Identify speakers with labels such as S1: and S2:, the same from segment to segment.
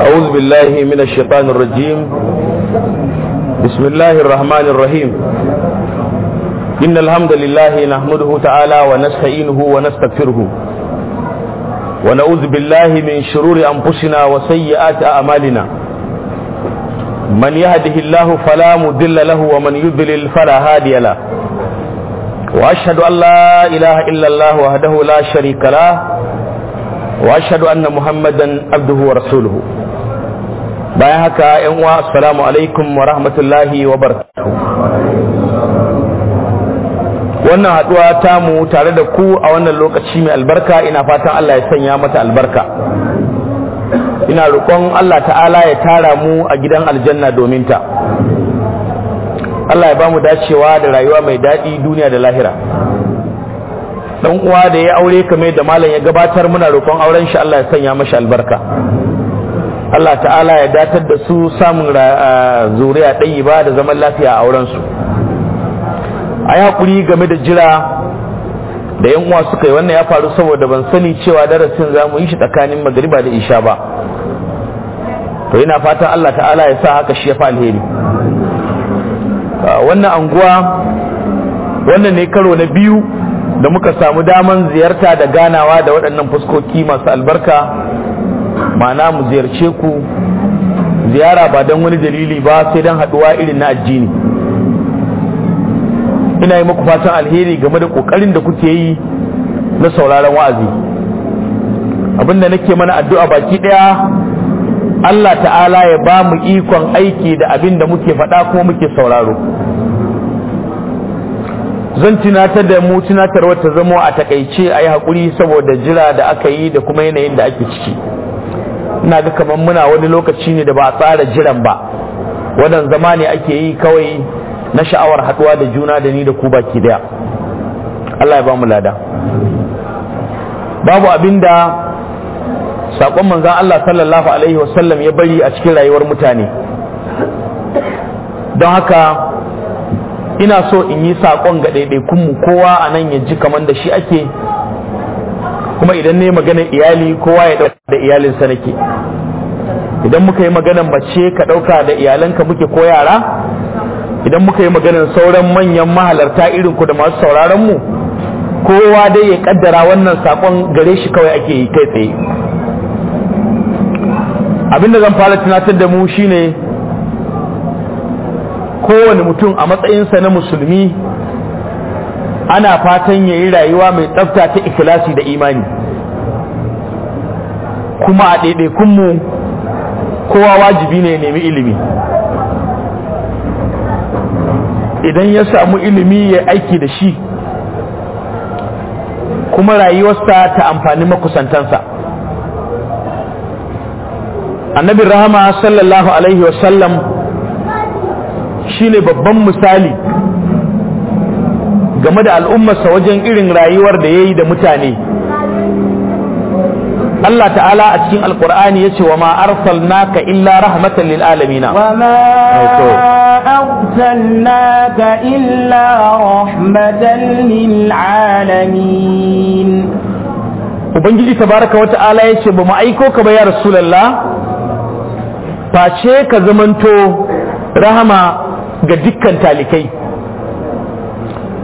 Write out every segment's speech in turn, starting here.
S1: أعوذ بالله من الشيطان الرجيم بسم الله الرحمن الرحيم إن الحمد لله نحمده تعالى ونستعينه ونستغفره ونعوذ بالله من شرور أنفسنا وسيئات أعمالنا من يهده الله فلا مضل له ومن يضلل فلا هادي له وأشهد أن لا إله إلا الله وحده لا شريك له وأشهد أن محمدا عبده ورسوله bayan haka yan uwa 'as-salamu alaikum wa rahmatullahi wa barakatuh wannan haduwa ta mu tare da ku a wannan lokaci mai albarka ina fatan Allah ya sanya mata albarka ina roƙon Allah ta'ala ya tara mu a gidan aljanna domin ta Allah ya bamu dacewa da rayuwa mai daɗi duniya da lahira dan uwa da ya aure kamar da malam ya gabatar muna roƙon auren shi Allah ya sanya mashi albarka Allah ta'ala ya datar da su samun zuriya ɗayi ba da zaman lafiya a aurensu a yi haƙuri game da jira da yan uwa suka yi wannan ya faru saboda ban sani cewa darasin za mu yi shi tsakanin magariba da isha ba to ina fatan Allah ta'ala ya sa haka shi ya fa alheri wannan anguwa wannan ne karo na biyu da muka samu daman ziyarta da ganawa da waɗannan fuskoki masu albarka ma'ana mu ziyarce ku ziyara ba don wani dalili ba sai don haɗuwa irin na addini ina yi muku fatan alheri game da ƙoƙarin da kuke yi na sauraron wa'azi abinda nake mana addu'a baki ɗaya Allah ta'ala ya ba mu ikon aiki da abin da muke faɗa kuma muke sauraro zan tunatar da mu tunatar wata zama a takaice a yi haƙuri saboda jira da aka yi da kuma yanayin da ake ciki ina ga kamar muna wani lokaci ne da ba a tsara jiran ba wadan zamani ake yi kawai na sha'awar haɗuwa da juna da ni da ku baki daya Allah ya ba mu lada babu abinda sakon manzan Allah sallallahu alaihi wasallam ya bari a cikin rayuwar mutane don haka ina so in yi sakon ga ɗaiɗaikunmu kowa a nan ya ji kamar da shi ake kuma idan ne magana iyali kowa ya ɗauka da iyalinsa nake idan muka yi magana mace ka ɗauka da iyalanka muke ko yara idan muka yi maganan sauran manyan mahalarta irin ku da masu sauraron mu kowa dai ya ƙaddara wannan sakon gare shi kawai ake yi kai tsaye Abin da zan fara tunatar da mu shine kowane mutum a matsayinsa na musulmi ana fatan ya yi rayuwa mai tsafta ta ikhlasi da imani kuma a ɗaiɗaikunmu kowa wajibi ne ya nemi ilimi idan ya samu ilimi ya aiki da shi kuma rayuwarsa ta amfani makusantansa Annabi rahama sallallahu alaihi wasallam shi ne babban misali game da al'ummarsa wajen irin rayuwar da ya yi da mutane Allah ta'ala a cikin alkur'ani ya ce wa ma arsalnaka illa rahmatan lil alamina wa
S2: ma arsalnaka illa rahmatan lil alamin
S1: ubangiji tabaraka wa ta'ala ya ce ba mu aiko ka ba ya rasulullah face ka zamanto rahama ga dukkan talikai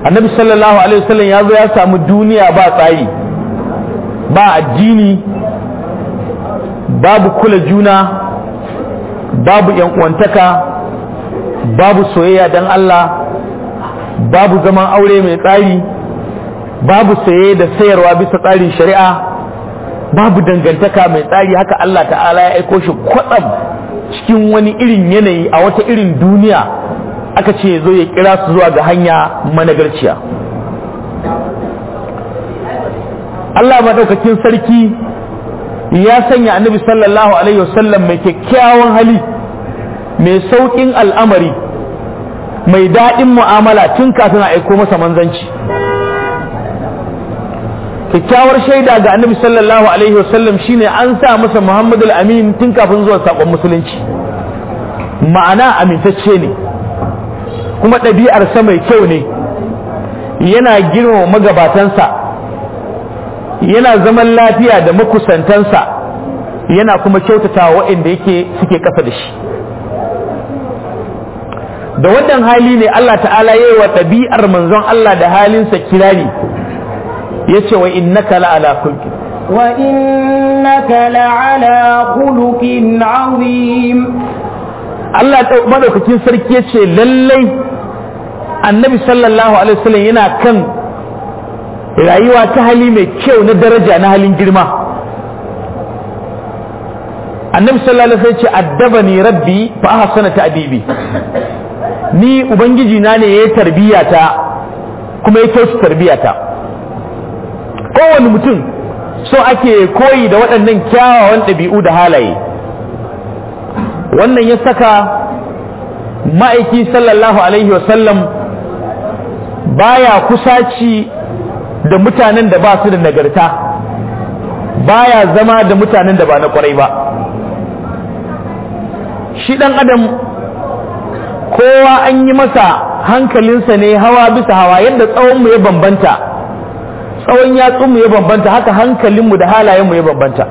S1: annabi sallallahu alaihi wasallam ya zo ya samu duniya ba tsayi ba addini babu kula juna babu yan uwantaka babu soyayya dan Allah babu zaman aure mai tsari babu saye da sayarwa bisa tsarin shari'a babu dangantaka mai tsari haka Allah ta'ala ya aiko shi kwatsam cikin wani irin yanayi a wata irin duniya aka ce zo ya kira su zuwa ga hanya managarciya Allah madaukakin sarki ya sanya annabi sallallahu alaihi wasallam mai kyakkyawan hali mai sauƙin al'amari mai daɗin mu'amala tun kafin a aiko masa manzanci kyakkyawar shaida ga annabi sallallahu alaihi wasallam shine an sa masa muhammadu amin tun kafin zuwa saƙon musulunci ma'ana amintacce ne kuma ɗabi'arsa mai kyau ne yana girmama magabatansa yana zaman lafiya da makusantansa yana kuma kyautata waɗanda yake suke ƙasa da shi da wannan hali ne Allah ta'ala ya yi wa ɗabi'ar manzon Allah da halinsa kirari ya ce wa kala ala kulkin
S2: na kala خلق عظيم
S1: Allah maɗaukakin sarki ya ce
S2: lallai
S1: annabi sallallahu alaihi wasallam yana kan rayuwa ta hali mai kyau na daraja na halin girma annabi sallallahu alaihi wasallam ce addabani rabbi fa ahsana ta'dibi ni ubangiji na ne ya tarbiyata kuma ya kyautu tarbiyata kowanne kowane mutum so ake koyi da waɗannan kyawawan ɗabi'u da halaye wannan ya saka ma'aiki sallallahu alaihi wasallam baya kusaci da mutanen da ba su da nagarta baya zama da mutanen da ba na kwarai ba shi dan adam kowa an yi masa hankalinsa ne hawa bisa hawa yadda tsawonmu ya bambanta tsawon yatsunmu ya bambanta haka hankalinmu da halayenmu ya bambanta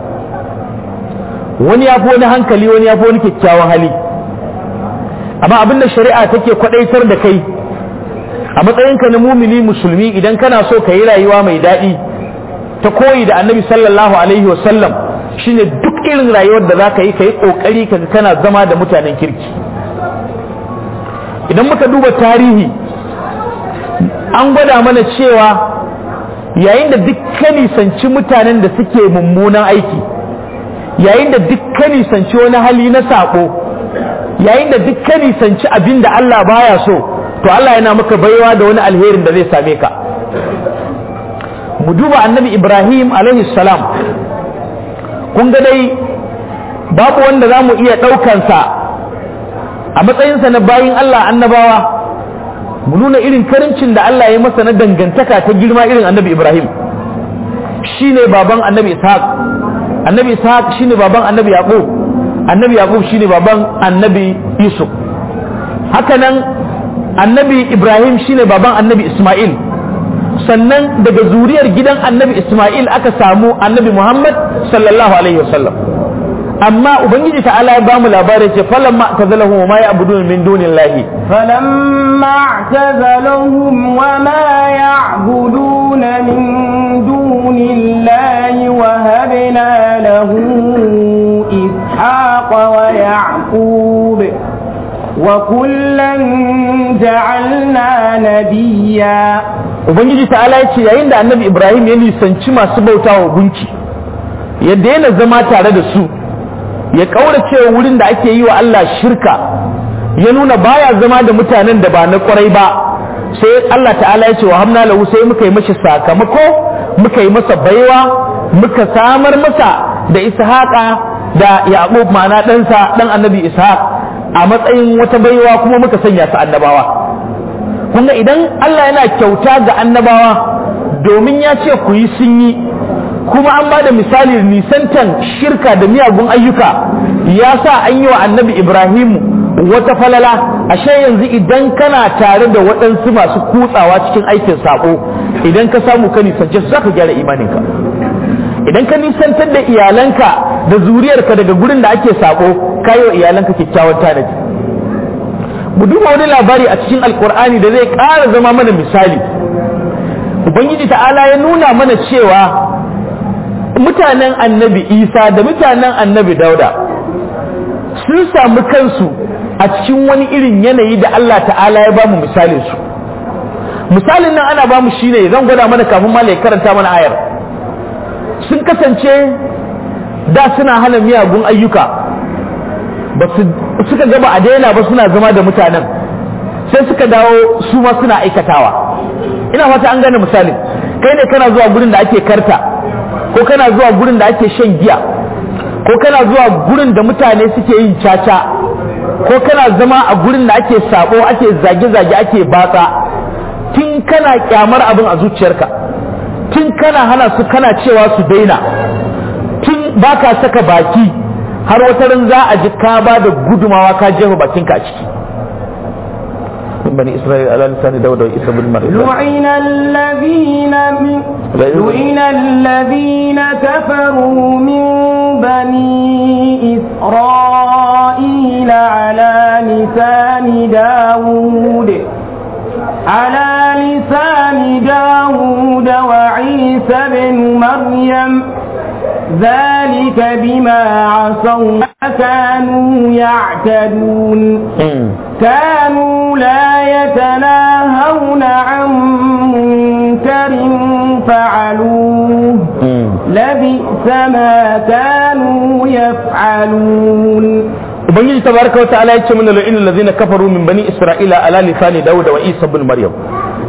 S1: wani ya fi wani hankali wani ya fi wani kyakkyawan hali amma abinda shari'a take kwadaitar da kai a matsayinka na mumini musulmi idan kana so ka yi rayuwa mai daɗi ta koyi da annabi sallallahu alaihi wasallam shine duk irin rayuwar da za ka yi ka yi ƙoƙari ka kana zama da mutanen kirki idan muka duba tarihi an gwada mana cewa yayin da dukkan sanci mutanen da suke mummunan aiki yayin da dukkan nisanci wani hali na saƙo yayin da dukkan nisanci abinda Allah baya so to Allah yana maka baiwa da wani alherin da zai same ka mu duba annabi Ibrahim alaihi salam kun ga dai babu wanda za mu iya ɗaukansa a matsayinsa na bayin Allah annabawa mu nuna irin karincin da Allah ya masa na dangantaka ta girma irin annabi Ibrahim shine baban annabi Ishaq annabi Ishaq shine baban annabi Yaqub annabi Yaqub shine baban annabi Yusuf hakanan annabi ibrahim shine baban annabi isma'il sannan daga zuriyar gidan annabi isma'il aka samu annabi muhammad sallallahu alaihi wasallam amma ubangiji ta'ala ya bamu labari ce falamma tazalahum ma ya'budun min dunillahi
S2: falamma tazalahum wa ma ya'budun min dunillahi wa habna lahu ishaqa wa ya'qub وكلا جعلنا نبيا ubangiji ta'ala ya ce yayin da annabi ibrahim ya nisanci
S1: masu bautawa gunki ya daina zama tare da su ya kaurace wurin da ake yi wa Allah shirka ya nuna baya zama da mutanen da ba na kwarai ba sai Allah ta'ala ya ce wa hamna lahu sai muka yi mashi sakamako muka yi masa baiwa muka samar masa da ishaqa da yaqub ma'ana ɗansa ɗan annabi ishaq a matsayin wata baiwa kuma muka sanya su annabawa kuma idan Allah yana kyauta ga annabawa domin ya ce ku yi sun yi kuma an ba da misali nisantan shirka da miyagun ayyuka ya sa an yi wa annabi Ibrahim wata falala ashe yanzu idan kana tare da waɗansu masu kutsawa cikin aikin sako idan ka samu ka nisance su za ka gyara imaninka idan ka nisantar da iyalanka da zuriyarka daga gurin da ake sako ka yi wa iyalanka kyakkyawar tanadi mu duba wani labari a cikin alkur'ani da zai ƙara zama mana misali ubangiji ta'ala ya nuna mana cewa mutanen annabi isa da mutanen annabi dauda
S3: sun samu kansu a cikin
S1: wani irin yanayi da allah ta'ala ya bamu mu misalin su misalin nan ana bamu mu shine zan gwada mana kafin ma karanta mana ayar sun kasance da suna hana miyagun ayyuka ba su suka gaba a daina ba suna zama da mutanen sai suka dawo su ma suna aikatawa ina fata an gane misalin kai ne kana zuwa gurin da ake karta ko kana zuwa gurin da ake shan giya ko kana zuwa gurin da mutane suke yin caca ko kana zama a gurin da ake sabo ake zage-zage ake batsa tun kana kyamar abin a zuciyarka kana hana su kana cewa su daina tun ba ka saka baki har wata rin za a ji ka ba da gudumawa ka jefa bakinka a ciki من بني إسرائيل
S3: على لسان داود وعيسى بن مريم لعن
S2: الذين لعن الذين كفروا من بني إسرائيل على لسان داود على لسان داود وعيسى بن مريم ذلك بما عصوا كانوا يعتدون كانوا لا يتناهون عن منكر فعلوه لبئس ما كانوا يفعلون
S1: ubangiji tabaraka wata'ala ya ce mana la'in ladzina kafaru min bani isra'ila ala lisani dawud wa isa ibn maryam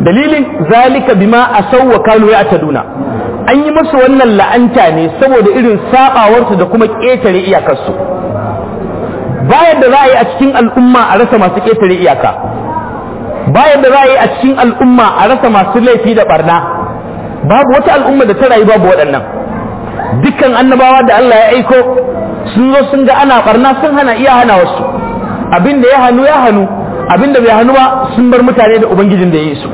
S1: dalilin zalika bima asaw wa a ya'taduna an yi musu wannan la'anta ne saboda irin sabawarsu da kuma ketare iyakarsu bayan da za a yi a cikin al'umma a rasa masu ketare iyaka bayan da za a yi a cikin al'umma a rasa masu laifi da barna babu wata al'umma da ta rayu babu waɗannan dukkan annabawa da Allah ya aiko sun zo sun ga ana barna sun hana iya hana wasu abinda ya hannu ya hannu abinda bai hannu ba sun bar mutane da ubangijin da ya yi su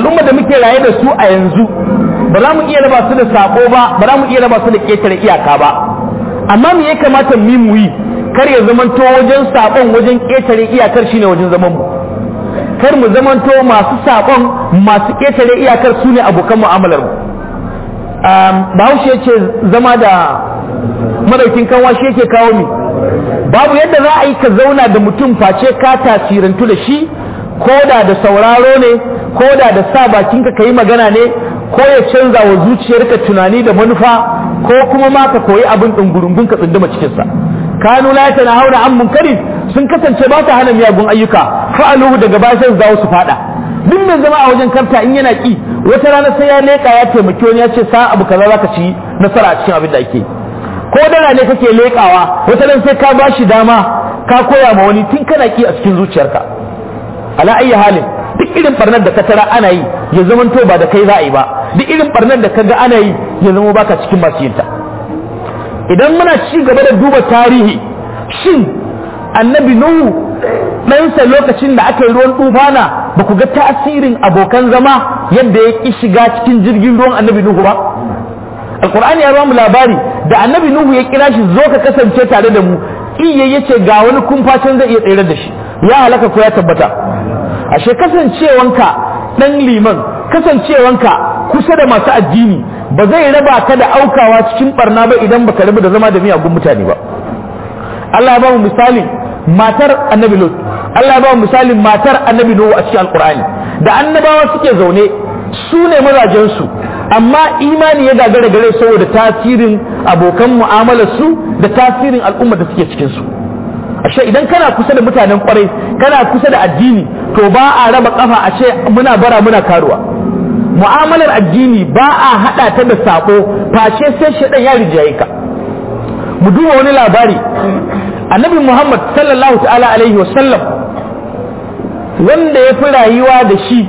S1: al'umma da muke raye da su a yanzu ba za mu iya raba su da sako ba ba za mu iya raba su da ketare iyaka ba amma me ya kamata mu mu yi kar ya zamanto wajen sakon wajen ketare iyakar shine wajen zaman mu kar mu zamanto masu sakon masu ketare iyakar sune abokan mu'amalar mu bahaushe ya ce zama da madaukin kanwa shi yake kawo ni babu yadda za a yi ka zauna da mutum face ka tasirantu da shi ko da da sauraro ne ko da da sa bakinka ka yi magana ne ko ya canza wa zuciyar ka tunani da manufa ko kuma ma ka koyi abin ɗungurungun ka cikin cikinsa kanu la ta hauna an munkari sun kasance ba ta hana miyagun ayyuka fa'aluhu daga bashin za su fada duk mai zama a wajen karta in yana ki wata rana sai ya leka ya taimaki wani ya ce sa abu kaza zaka ci nasara a cikin abin da ake yi ko dala ne kake lekawa wata sai ka ba shi dama ka koya ma wani tun kana ki a cikin zuciyarka ala ayi halin duk irin barnar da ka tara ana yi ya to ba da kai za a yi ba duk irin barnar da ka ga ana yi ya zama baka cikin masu idan muna ci gaba da duba tarihi shin annabi nuhu ɗansa lokacin da aka yi ruwan tufana ba ku ga tasirin abokan zama yadda ya ki shiga cikin jirgin ruwan annabi nuhu ba alkur'ani ya mu labari da annabi nuhu ya kira shi zo ka kasance tare da mu iye yace ga wani kumfacin zai iya tsere da shi ya halaka ko ya tabbata ashe kasancewanka dan liman kasancewanka kusa da masu addini ba zai raba ka da aukawa cikin barna ba idan baka rabu da zama da miyagun mutane ba Allah ya ba mu misali matar annabi lut Allah ya ba mu misali matar annabi nuhu a cikin alkur'ani da annabawa suke zaune su ne mazajensu amma imani ya gagara gare saboda tasirin abokan mu'amalar su da tasirin al'umma da suke cikin su ashe idan kana kusa da mutanen kwarai kana kusa da addini to ba a raba kafa a ce muna bara muna karuwa mu'amalar addini ba a hada ta da sako fashe sai shedan ya rijaye ka mu duba wani labari annabi muhammad sallallahu ta'ala alaihi wasallam wanda ya fi rayuwa da shi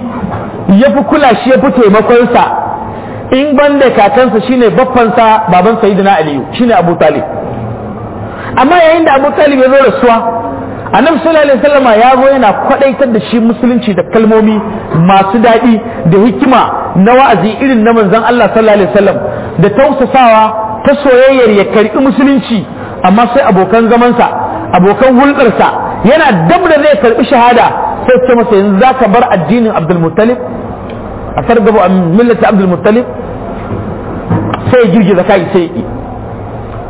S1: ya fi kula shi ya fi taimakonsa in ban da kakansa shine baffansa baban sayyidina aliyu shine abu talib amma yayin da abu talib ya zo suwa annabi sallallahu alaihi wasallam ya zo yana kwadaitar da shi musulunci da kalmomi masu daɗi da hikima na wa'azi irin na manzon Allah sallallahu alaihi wasallam da tausasawa ta soyayyar ya karbi musulunci amma sai abokan zamansa abokan hulɗarsa yana dab da zai karbi shahada sai ce masa yanzu zaka bar addinin Abdul Muttalib a fargabu a millata abdul muttalib sai ya girgiza kai sai yi ki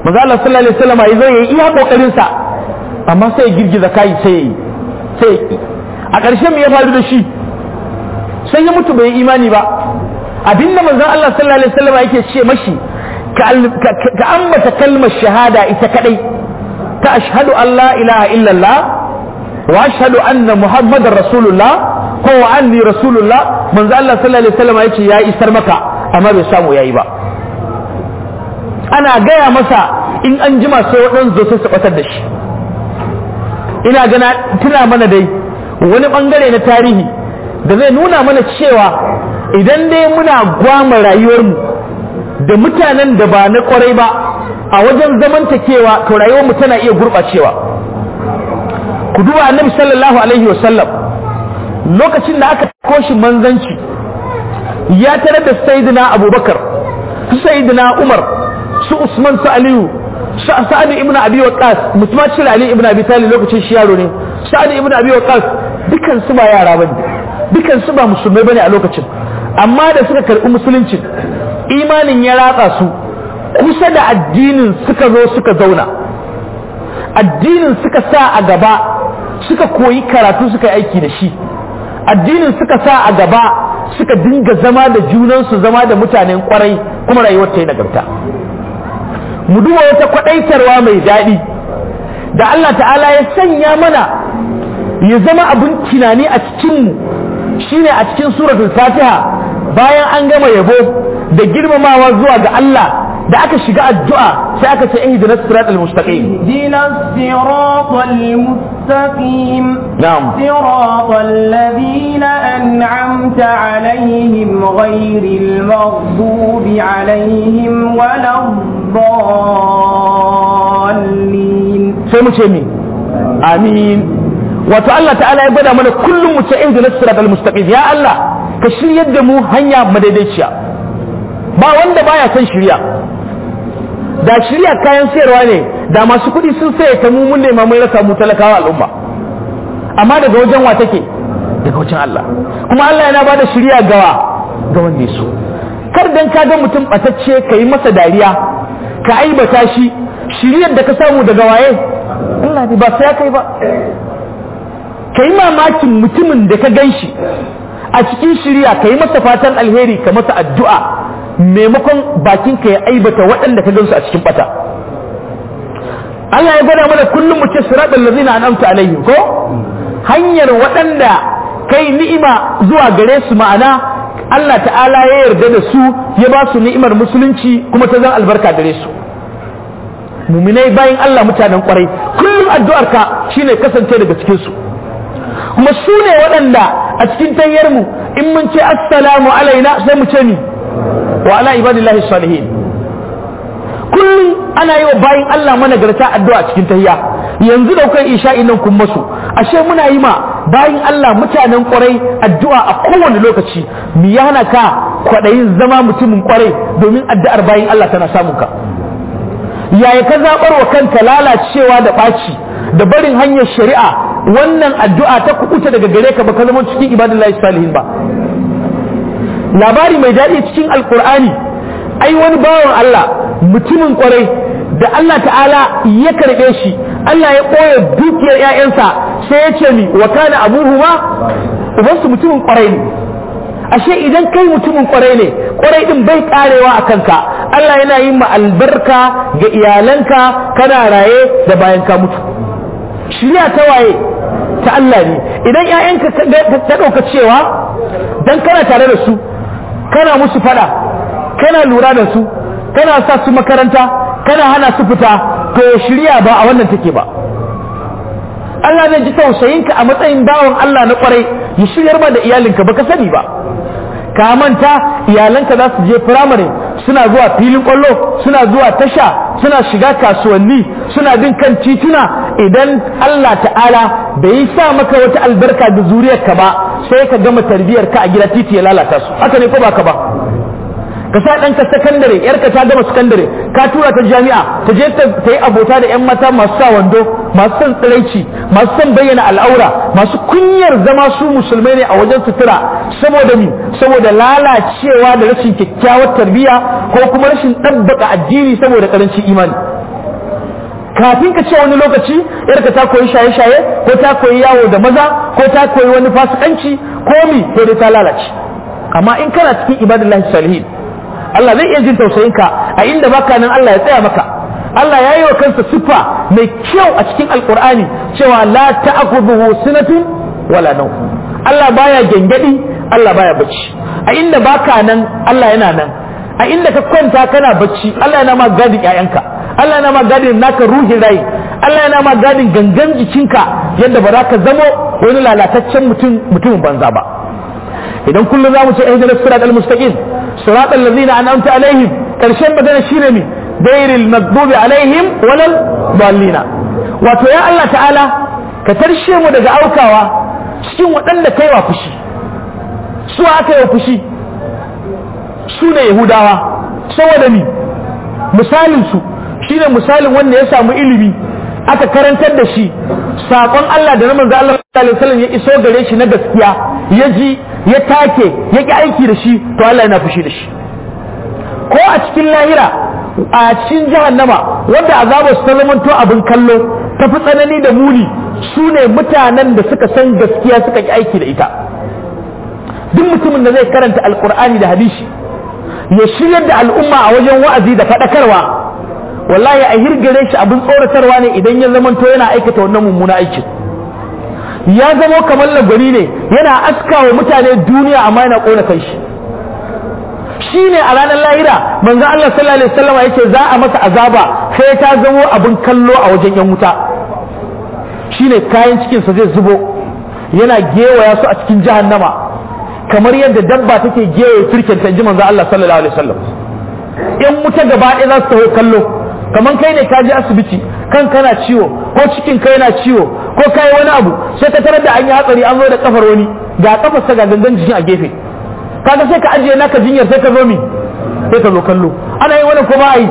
S1: maza Allah sallallahu alaihi wasallam ya zo yi iya kokarin sa amma sai ya girgiza kai sai yi sai ya a ƙarshe me ya faru da shi sai ya mutu bai imani ba abinda manzon Allah sallallahu alaihi wasallam yake ce mashi ka ambata kalmar shahada ita kadai ta ashhadu an la ilaha illallah wa ashhadu anna muhammadar rasulullah ko wa anni rasulullah manzo Allah sallallahu alaihi wasallam yace ya isar maka amma bai samu yayi ba ana gaya masa in an jima sai wadan zo su batar da shi ina gana tuna mana dai wani bangare na tarihi da zai nuna mana cewa idan dai muna gwama rayuwarmu da mutanen da ba na kwarai ba a wajen zamantakewa to rayuwarmu tana iya gurɓacewa ku duba annabi sallallahu alaihi wasallam lokacin da aka koshi manzanci ya tare da saidina abubakar su saidina umar su usman su aliyu su sa'ad ibn abi waqas mutumacin ali ibn abi talib lokacin shi yaro ne sa'ad ibn abi waqas dukan su ba yara bane dukan su ba musulmai bane a lokacin amma da suka karbi musulunci imanin ya ratsa su kusa da addinin suka zo suka zauna addinin suka sa a gaba suka koyi karatu suka yi aiki da shi addinin suka sa a gaba suka dinga zama da junansu zama da mutanen kwarai kuma rayuwar ta yi nagarta mu duba wata kwadaitarwa mai daɗi da Allah ta'ala ya sanya mana ya zama abun tunani a cikinmu shine a cikin suratul fatiha bayan an gama yabo da girmamawa zuwa ga Allah da aka shiga addu'a sai aka ce ihdina siratal mustaqim
S2: ihdina siratal mustaqim na'am siratal ladina an'amta alaihim ghayril maghdubi alaihim waladdallin sai
S1: mu ce mi amin wato Allah ta'ala ya gwada mana kullum mu ce ihdina siratal mustaqim ya Allah ka shiryar da mu hanya madaidaiciya ba wanda baya son shirya da shirya kayan sayarwa ne da masu kuɗi sun saye ta mu mun nema mun rasa mu talakawa al'umma amma daga wajen wa take daga wajen Allah kuma Allah yana bada shirya gawa ga wanda ya so kar dan ka ga mutum batacce ka yi masa dariya ka aibata shi shiryar da ka samu daga waye
S3: Allah ne ba sai kai
S1: ba ka yi mamakin mutumin da ka gan shi a cikin shirya ka yi masa fatan alheri ka masa addu'a maimakon bakinka ya aibata waɗanda ka gansu a cikin bata Allah ya gwada mana kullum mu ce siratal ladzina an'amta alaihim ko hanyar waɗanda kai ni'ima zuwa gare su ma'ana Allah ta'ala ya yarda da su ya ba su ni'imar musulunci kuma ta zan albarka gare su muminai bayan Allah mutanen kwarai kullum addu'arka shine kasance daga cikin su kuma su ne waɗanda a cikin tanyar mu in mun ce assalamu alaina sai mu ce ni wa ala ibadillahi salihin kullum ana yi wa bayin Allah managarta addu'a cikin tahiya yanzu da kai isha'i nan kun masu ashe muna yi ma bayin Allah mutanen kwarai addu'a a kowane lokaci mu hana ka kwaɗayin zama mutumin kwarai domin addu'ar bayin Allah tana samun ka yaya ka zaɓar wa kanka lalacewa da ɓaci da barin hanyar shari'a wannan addu'a ta kuɓuta daga gare ka ba ka zama cikin ibadillahi salihin ba labari mai daɗi cikin alkur'ani ai wani bawan Allah mutumin kwarai da Allah ta'ala ya karɓe shi Allah ya ɓoye dukiyar 'ya'yansa sai ya ce mi wa kana abuhuma ubansu mutumin kwarai ne ashe idan kai mutumin kwarai ne kwarai din bai karewa a kanka Allah yana yin ma albarka ga iyalanka kana raye da bayan ka mutu shirya ta waye ta Allah ne idan 'ya'yanka ta ɗauka cewa dan kana tare da su kana musu fada kana lura da su kana sa su makaranta kana hana su fita to shirya ba a wannan take ba Allah zai ji tausayinka a matsayin bawan Allah na kwarai ya shiryar ba da iyalinka baka sani ba ka manta iyalanka za su je firamare suna zuwa filin kwallo suna zuwa tasha suna shiga kasuwanni suna bin kan tituna idan Allah ta'ala bai yi sa maka wata albarka da zuriyarka ba sai ka gama tarbiyar a gida titi ya lalata su haka ne ko ba ka ba ka sa ɗanka sakandare yarka ta gama sakandare ka tura ta jami'a ta je ta yi abota da 'yan mata masu sa wando masu son tsiraici masu son bayyana al'aura masu kunyar zama su musulmai ne a wajen sutura saboda mu saboda lalacewa da rashin kyakkyawar tarbiyya ko kuma rashin ɗabbaka addini saboda ƙarancin imani kafin ka ce wani lokaci yarka ta koyi shaye-shaye ko ta koyi yawo da maza ko ta koyi wani fasikanci ko mi dai ta lalace amma in kana cikin ibadallahi salihin Allah zai iya jin tausayin ka a inda baka nan Allah ya tsaya maka Allah ya yi wa kansa siffa mai kyau a cikin alkur'ani cewa la ta'khudhu sinatun wala nawm Allah baya gengedi Allah baya bacci a inda baka nan Allah yana nan a inda ka kwanta kana bacci Allah yana ma gadin ƴaƴanka Allah yana ma naka ruhin rai Allah yana ma gadin gangan jikinka yadda ba za ka zamo wani lalataccen mutum mutumin banza ba idan kullum za mu ce ihdinas siratal mustaqim siratal ladzina an'amta alaihim karshen magana shine ne dairil maghdubi alaihim walal dallina wato ya Allah ta'ala ka tarshe mu daga aukawa cikin waɗanda kai wa fushi su aka yi fushi su ne yahudawa saboda ni misalin su shine misalin wanda ya samu ilimi aka karantar da shi saƙon Allah da na manzo Allah sallallahu alaihi wasallam ya iso gare shi na gaskiya ya ji ya take ya ki aiki da shi to Allah yana fushi da shi ko a cikin lahira a cikin jahannama wanda azabar su ta to abin kallo tafi tsanani da muni su ne mutanen da suka san gaskiya suka ki aiki da ita duk mutumin da zai karanta alkur'ani da hadisi ya shiryar da al'umma a wajen wa'azi da faɗakarwa wallahi a hirgare shi abin tsoratarwa ne idan ya zamanto yana aikata wannan mummuna aikin ya zamo kamar lagwari ne yana aska wa mutane duniya amma yana kona kai shi shi ne a ranar lahira manzo Allah sallallahu alaihi wasallam yake za a masa azaba sai ta zamo abin kallo a wajen yan wuta shine kayan cikin sa zai zubo yana gewaya su a cikin jahannama kamar yadda dabba take gewaye turken tanji manzo Allah sallallahu alaihi wasallam yan wuta gaba ɗaya za su taho kallo kamar kai ne ka je asibiti kan kana ciwo ko cikin kai yana ciwo ko kai wani abu sai ka tarar da an yi hatsari an zo da kafar wani ga kafar sa ga gangan jikin a gefe kaga sai ka ajiye naka jinyar sai ka zo mi sai ka zo kallo ana yi wani ko ba yi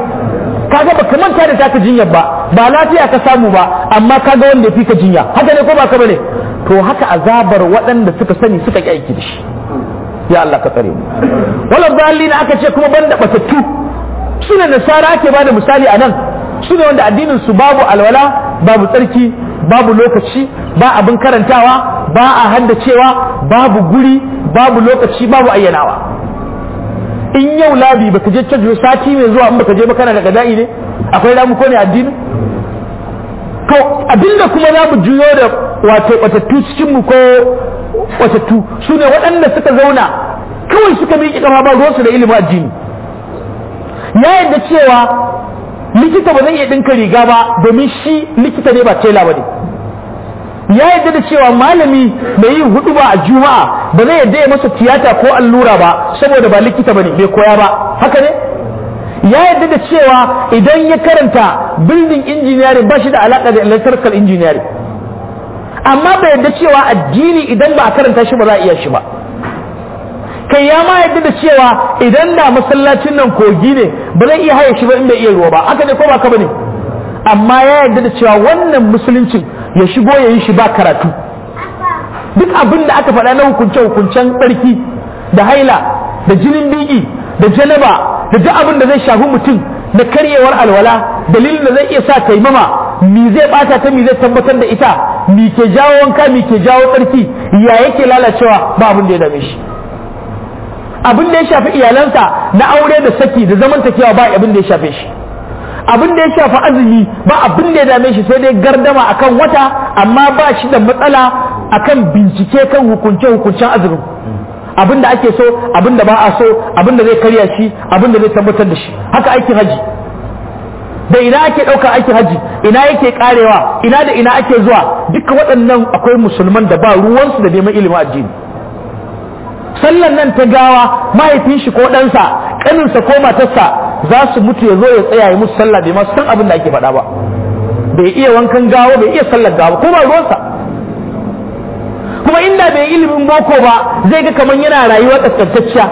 S1: kaga baka manta da taka jinyar ba ba lafiya ka samu ba amma kaga wanda ya fi ka jinya haka ne ko ba ka bane to haka azabar waɗanda suka sani suka ƙi aiki da shi ya Allah ka tsare mu wala dalilin aka ce kuma banda batattu su da nasara ake bada misali a nan su ne wanda addinin su babu alwala babu tsarki babu lokaci ba abin karantawa ba a haddacewa babu guri babu lokaci babu ayyanawa in yau labi baka je church sati mai zuwa in baka je ba kana dai ne akwai ramu ko ne addinin da kuma za mu juyo da wato batattu cikin ko batattu su ne waɗanda suka zauna kawai suka miƙi kafa ba ruwansu da ilimin addini ya yadda cewa likita ba zai iya ɗinka riga ba domin shi likita ne ba tela ba ne ya yadda da cewa malami mai yi hudu ba a juma'a ba zai yadda ya masa tiyata ko allura ba saboda ba likita ba ne bai koya ba haka ne ya yadda da cewa idan ya karanta building engineering ba shi da alaƙa da electrical engineering amma bai yadda cewa addini idan ba a karanta shi ba za a iya shi ba kai ya ma yadda da cewa idan da masallacin nan kogi ne ba zai iya haye shi ba in bai iya ruwa ba aka ne ko ba ka bane amma ya yadda da cewa wannan musuluncin ya shigo ya yi shi ba karatu duk abin da aka faɗa na hukunce hukuncen tsarki da haila da jinin biki da janaba da duk abin da zai shafi mutum na karyewar alwala dalilin da zai iya sa taimama mi zai bata ta mi zai tabbatar da ita mi ke jawo wanka mi ke jawo tsarki ya yake lalacewa ba abin da ya dame shi abin da ya shafi iyalansa na aure da saki da zaman takewa ba abin da ya shafe shi abin da ya shafi azumi ba abin da ya dame shi sai dai gardama akan wata amma ba shi da matsala akan bincike kan hukunce hukuncen azumin abin da ake so abin da ba a so abin da zai karya shi abin da zai tabbatar da shi haka aikin haji da ina ake ɗauka aikin haji ina yake karewa ina da ina ake zuwa duka waɗannan akwai musulman da ba ruwansu da neman ilimin addini sallan nan ta gawa mahaifin shi ko ɗansa ƙaninsa ko matarsa za su mutu ya zo ya tsaya ya musu sallah bai masu san abin da ake faɗa ba bai iya wankan gawa bai iya sallar gawa ko ba ruwansa kuma inda bai ilimin boko ba zai ga kamar yana rayuwa kaskantacciya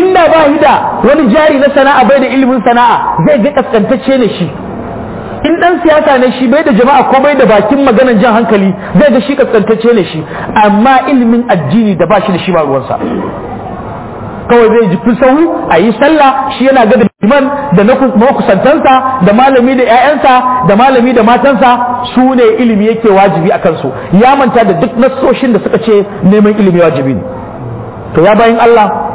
S1: inda ba da wani jari na sana'a bai da ilimin sana'a zai ga ƙasƙantacce ne shi in dan siyasa ne shi bai da jama'a ko bai da bakin maganar jan hankali zai ga shi kaskantacce ne shi amma ilimin addini da ba shi da shi ba ruwansa kawai zai ji sahu a yi sallah shi yana ga da iman da na makusantansa da malami da 'ya'yansa da malami da matansa su ne ilimi yake wajibi a kansu ya manta da duk nassoshin da suka ce neman ilimi wajibi ne to ya bayan Allah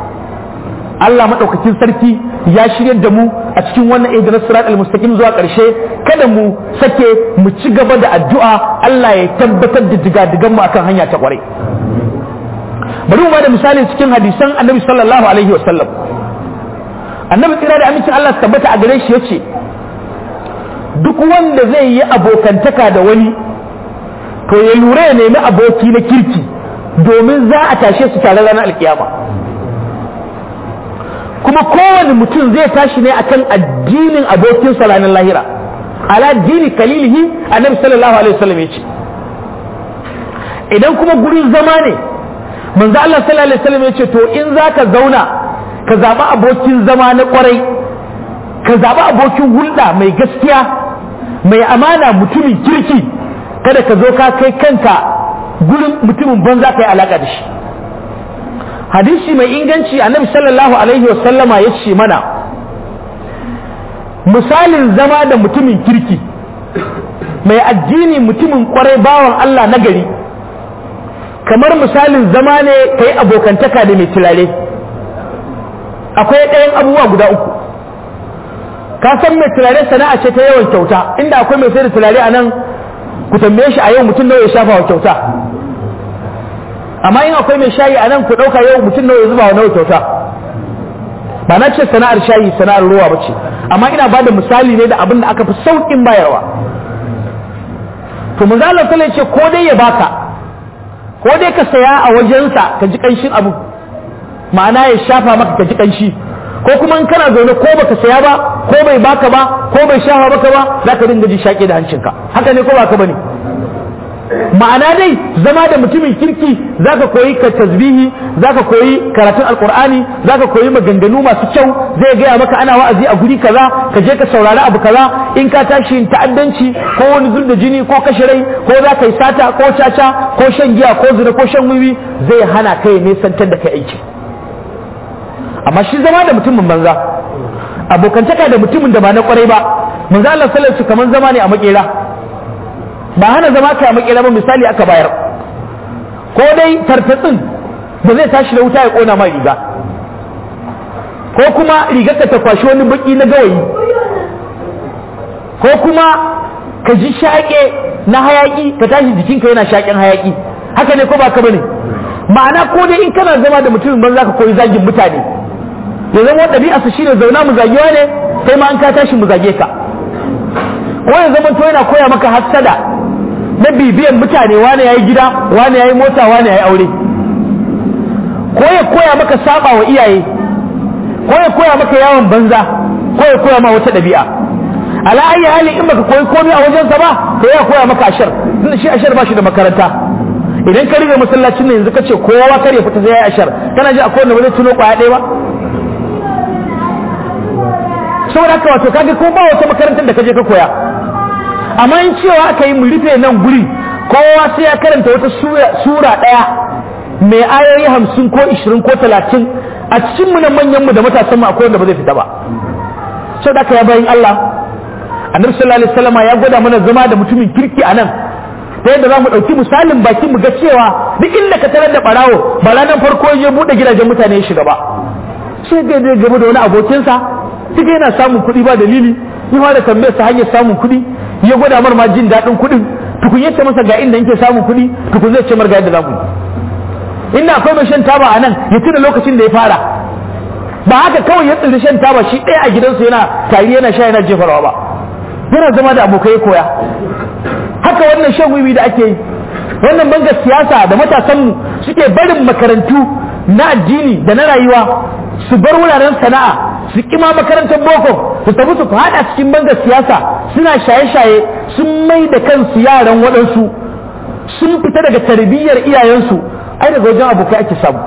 S1: Allah madaukakin sarki ya shiryar da mu a cikin wannan idinar sirat al-mustaqim zuwa ƙarshe kada mu sake mu ci gaba da addu'a Allah ya tabbatar da digadigan mu akan hanya ta kwarai bari mu bada misali cikin hadisan annabi sallallahu alaihi wa sallam annabi tsira da amincin Allah tabbata a gare shi yace duk wanda zai yi abokantaka da wani to ya lura ya nemi aboki na kirki domin za a tashe su tare ranar alkiyama kuma kowane mutum zai tashi ne akan addinin abokin salanin lahira ala dini kalilihi annabi sallallahu alaihi wasallam yace idan kuma gurin zama ne manzo Allah sallallahu alaihi wasallam yace to in zaka zauna ka zaba abokin zama na kwarai ka zaba abokin hulɗa mai gaskiya mai amana mutumin kirki kada ka zo ka kai kanka gurin mutumin banza kai alaka da shi hadisi mai inganci annabi sallallahu alaihi wasallama ya ce mana misalin zama da mutumin kirki mai addini mutumin kwarai bawan Allah na gari kamar misalin zama ne kai abokantaka da mai tilale akwai ɗayan abubuwa guda uku ka san mai tilale sana'a ce ta yawan kyauta inda akwai mai sai da tilale a nan ku tambaye shi a yau mutum nawa ya shafa wa kyauta amma in akwai mai shayi a nan ku ɗauka yau mutum nawa ya zuba wa nawa kyauta ba na ce sana'ar shayi sana'ar ruwa ba ce amma ina ba da misali ne da abin da aka fi sauƙin bayarwa to manzalar ta ce ko dai ya baka ko dai ka saya a wajensa ka ji ƙanshin abu ma'ana ya shafa maka ka ji ƙanshi ko kuma in kana zaune ko baka saya ba ko bai baka ba ko bai shafa baka ba za ka dinga ji shaƙe da hancinka haka ne ko ba ka bane ma'ana dai zama da mutumin kirki zaka koyi ka tasbihi zaka koyi karatun alqur'ani zaka koyi maganganu masu kyau zai gaya maka ana wa'azi a guri kaza ka je ka saurari abu kaza in ka tashi yin ta'addanci ko wani zub jini ko kashe rai ko za ka yi sata ko caca ko shan giya ko zina ko shan wiwi zai hana kai nesantar da kai aiki amma shi zama da mutumin banza abokantaka da mutumin da ba na kwarai ba manzo Allah sallallahu alaihi wasallam kaman zama ne a makera ba hana zama kama kila ba misali aka bayar ko dai tartatsin ba zai tashi da wuta ya kona ma riga ko kuma rigar ta kwashi wani baki na gawayi ko kuma ka ji shaƙe na hayaƙi ka tashi jikinka yana shaken hayaki haka ne ko ba ka bane ma'ana ko dai in kana zama da mutumin banza ka koyi zagin mutane ya zama su shine zauna mu zagewa ne sai ma an ka tashi mu zage ka ko ya zama to yana koya maka hassada na bibiyan mutane wane ya yi gida wane ya yi mota wane ya yi aure ko ya koya maka saba wa iyaye ko ya koya maka yawon banza ko ya koya ma wata ɗabi'a ala ayi hali in baka koyi komai a wajensa ba to ya koya maka ashar tunda shi ashar ba shi da makaranta idan ka rige masallacin yanzu ka ce kowa kare fita sai ya yi ashar kana ji akwai wanda ba zai tuno kwaya ɗaya ba saboda haka wato kaga ko ba wata makarantar da ka je ka koya amma in cewa aka yi mu rufe nan guri kowa sai ya karanta wata sura ɗaya mai ayoyi hamsin ko ishirin ko talatin a cikin mu na manyan mu da matasan mu akwai wanda ba zai fita ba sau da aka ya bayin Allah annabi sallallahu alaihi wasallam ya gwada mana zama da mutumin kirki a nan ta yadda za mu ɗauki misalin bakin mu ga cewa duk inda ka tarar da ɓarawo ba ranar farko ya buɗe gidajen mutane ya shiga ba sai ga zai gaba da wani abokinsa duk yana samun kuɗi ba dalili ya da tambayar sa hanyar samun kuɗi ya gwada mar ma jin daɗin kuɗin tukun yace masa ga inda yake samun kuɗi tukun zai ce mar yadda za ku inda akwai mai shan taba a nan ya tuna lokacin da ya fara ba haka kawai ya tsiri shan taba shi ɗaya a gidansu yana tari yana sha yana jefarwa ba yana zama da abokai koya haka wannan shan wiwi da ake yi wannan banga siyasa da matasanmu suke barin makarantu na addini da na rayuwa su bar wuraren sana'a su kima makarantar boko su tafi su hada cikin banga siyasa suna shaye-shaye sun mai da kansu yaran waɗansu sun fita daga tarbiyyar iyayensu ai daga wajen abokai ake samu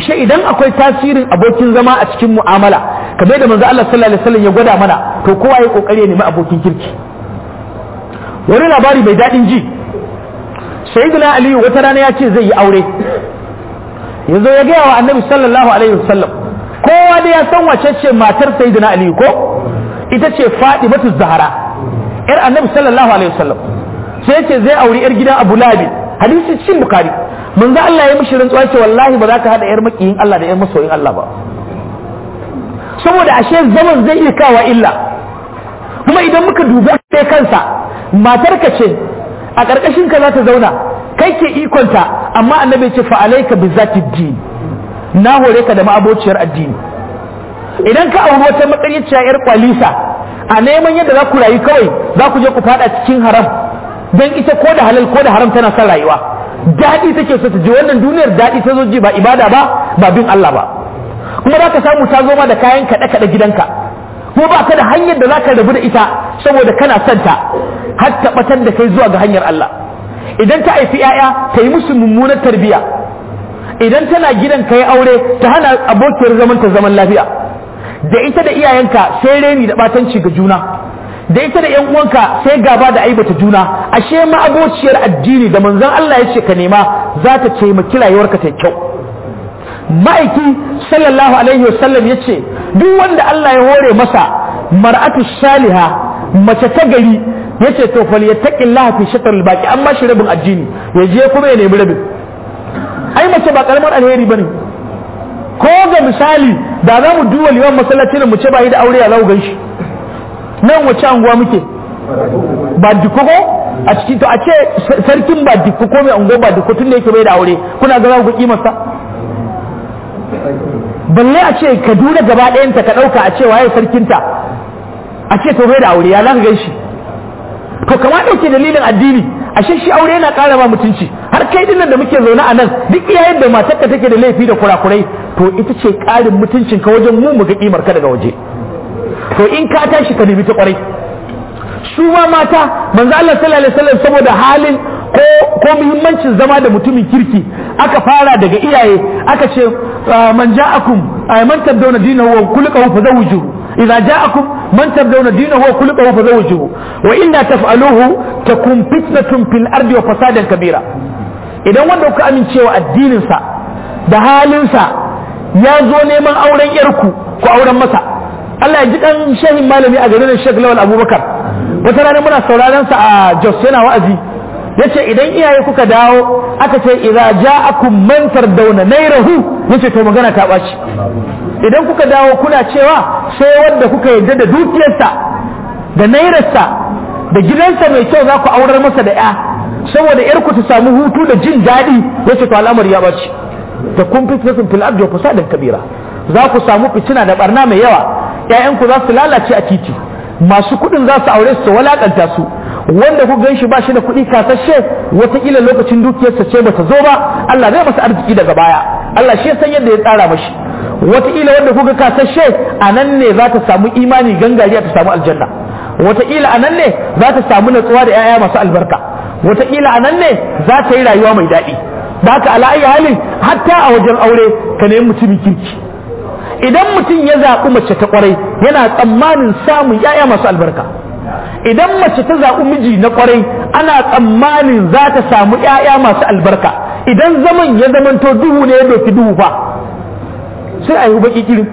S1: ashe idan akwai tasirin abokin zama a cikin mu'amala kamar da manzo Allah sallallahu alaihi wasallam ya gwada mana to kowa ya kokari ya nemi abokin kirki wani labari mai daɗin ji sayyidina aliyu wata rana ya ce zai yi aure Yanzu ya gaya wa annabi sallallahu alaihi wasallam kowa da ya san wace ce matar sayyidina ali ko ita ce fatimatu zahara yar annabi sallallahu alaihi wasallam sai ce zai auri yar gidan abu labi hadisi cikin bukari manzo Allah ya mishi rantsuwa ce wallahi ba za ka hada yar makiyin Allah da yar masoyin Allah ba saboda ashe zaman zai iya kawa illa kuma idan muka duba sai kansa matar ka ce a ƙarƙashin ka za ta zauna kai ke ikonta amma annabi ce fa alayka bi zati din na hore ka da ma'abociyar addini idan ka auri wata makaryaciya yar kwalisa a neman yadda za ku rayu kawai za ku je ku fada cikin haram dan ita ko da halal ko da haram tana son rayuwa daɗi take so ta ji wannan duniyar daɗi ta zo ji ba ibada ba ba bin Allah ba kuma za ka samu ta zo ma da kayan kaɗe-kaɗe gidanka ko ba ka da hanyar da za ka rabu da ita saboda kana son ta har ta da kai zuwa ga hanyar Allah idan ta haifi 'ya'ya ta yi musu mummunar tarbiyya idan tana gidan ka yi aure ta hana abokiyar zaman ta zaman lafiya da ita da iyayenka sai reni da batanci ga juna da ita da 'yan uwanka sai gaba da aibata juna ashe ma abociyar addini da manzon Allah ya ce ka nema za ta ma rayuwarka ta kyau ma'aiki sallallahu alaihi wasallam ya ce duk wanda Allah ya hore masa mar'atu saliha mace ta gari yace to falyattaqillaha fi shatr al-baqi amma shi rabin addini ya je kuma ya nemi rabin ai mace ba karamar alheri bane ko ga misali da za mu duba liman masallacin mu ce ba yi da aure ya za gan shi nan wace anguwa muke ba dukko a cikin to a ce sarkin ba dukko ko mai anguwa ba dukko tun da yake bai da aure kuna ga za ku sa balle a ce ka dura gaba ɗayanta ka ɗauka a ce waye sarkinta a ce to bai da aure ya za ka gan shi to kama ɗauke dalilin addini ashe shi aure yana ƙara ma mutunci har kai nan da muke zaune a nan duk da yadda ka take da laifi da kurakurai to ita ce ƙarin mutuncin ka wajen mu ga kimar ka daga waje to in ka tashi ka nemi ta kwarai su ma mata manzo Allah sallallahu alaihi wasallam saboda halin ko ko muhimmancin zama da mutumin kirki aka fara daga iyaye aka ce ah, man ja'akum man tabdawna dinahu wa kullu fa zawjuhu idza ja'akum man tabdawna dinahu wa kulluhu fa zawjuhu wa inna taf'aluhu takun fitnatun fil ardi wa fasadan kabira idan wanda kuka amincewa addinin sa da halinsa ya zo neman auren yarku ku auren masa Allah ya ji kan shehin malami a garin Sheikh Lawal Abubakar wata rana muna sauraron sa a Jos yana wa'azi yace idan iyaye kuka dawo aka ce idza ja'akum man tardawna nairahu yace to magana ta baci idan kuka dawo kuna cewa sai wanda kuka yarda da dukiyarsa da nairarsa da gidansa mai kyau za ku aurar masa da ya saboda yar ku ta samu hutu da jin daɗi yace to al'amari ya baci da kun fitnatin fil ardi fasadan kabira za ku samu fitina da barna mai yawa ƴaƴanku za su lalace a titi masu kuɗin za su aure su walakanta su wanda ku gan shi ba shi da kuɗi kasashe wataƙila lokacin dukiyarsa ce bata zo ba Allah zai masa arziki daga baya Allah shi san yadda ya tsara mashi wataƙila wanda ku ga kasashe a nan ne za ta samu imani gangariya ta samu aljanna wataƙila a nan ne za ta samu natsuwa da 'ya'ya masu albarka wataƙila a nan ne za ta yi rayuwa mai daɗi Ba ka ala ayi halin hatta a wajen aure ka nemi mutumin kirki idan mutum ya zaɓi mace ta ƙwarai yana tsammanin samun 'ya'ya masu albarka idan mace ta zaɓi miji na kwarai ana tsammanin za ta samu 'ya'ya masu albarka idan zaman ya zamanto duhu ne ya doki duhu fa sai a yi baki kirin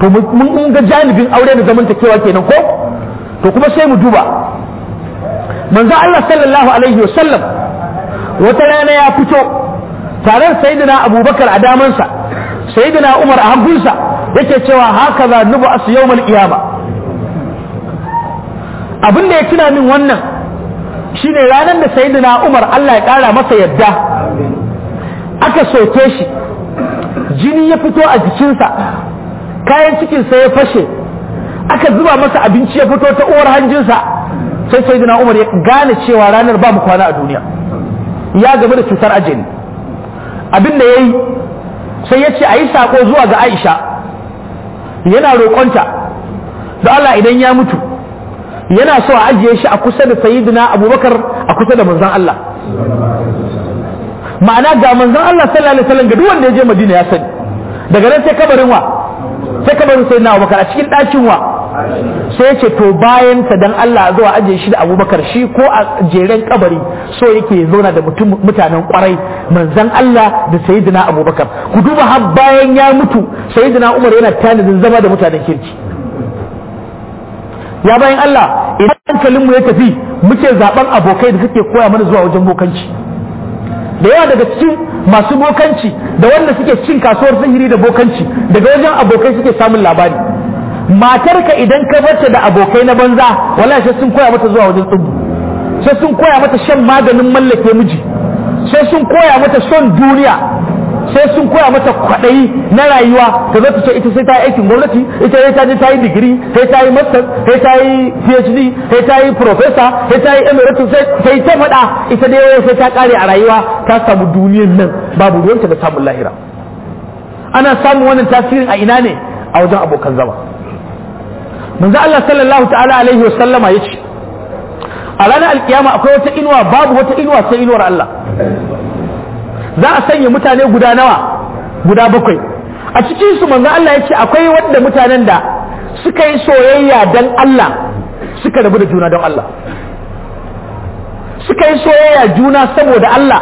S1: to mun ga janibin aure da kewa kenan ko to kuma sai mu duba manzo Allah sallallahu alaihi sallam, wata rana ya fito tare da sayyidina Abubakar a damansa sayyidina Umar a hagunsa yake cewa haka za nubu as yawmal qiyamah abin da ya tuna min wannan shine ranar da na Umar Allah ya kara masa yadda aka soke shi jini ya fito a jikinsa kayan cikinsa ya fashe aka zuba masa abinci ya fito ta uwar hanjinsa sai sayyidina Umar ya gane cewa ranar ba mu kwana a duniya ya gaba da cutar ajiyar abin da ya yi, sai ya ce a yi sako zuwa ga Aisha yana roƙonta da Allah idan ya mutu yana so a ajiye shi a kusa da sayyidina abubakar a kusa da manzon Allah ma'ana ga manzon Allah sallallahu alaihi wasallam ga duk wanda ya je Madina ya sani daga nan sai kabarin wa sai kabarin sayyidina abubakar a cikin ɗakin wa sai ya ce to bayan sa dan Allah zuwa ajiye shi da abubakar shi ko a jeren kabari so yake zauna da mutanen kwarai manzon Allah da sayyidina abubakar ku duba har bayan ya mutu sayyidina umar yana tanadin zama da mutanen kirki ya bayan Allah idan hankalin mu ya tafi muke zaben abokai da suke koya mana zuwa wajen bokanci da yawa daga cikin masu bokanci da wanda suke cin kasuwar sihiri da bokanci daga wajen abokai suke samun labari matarka idan ka barta da abokai na banza wala sai sun koya mata zuwa wajen tsubu sai sun koya mata shan maganin mallake miji sai sun koya mata son duniya sai sun koya mata kwaɗayi na rayuwa ta zata ce ita sai ta yi aikin gwamnati ita sai ta je ta yi digiri sai ta yi master sai ta yi phd sai ta yi professor sai ta yi emeritus sai ta faɗa ita dai sai ta ƙare a rayuwa ta samu duniyar nan babu ruwanta da samun lahira ana samun wannan tasirin a ina ne a wajen abokan zama manzo Allah sallallahu ta'ala alaihi wasallama yace a ranar alkiyama akwai wata inuwa babu wata inuwa sai inuwar Allah za a sanya mutane guda nawa guda bakwai a cikin su manzo Allah ce akwai wanda mutanen da suka yi soyayya dan Allah suka rabu da juna don Allah suka yi soyayya juna saboda Allah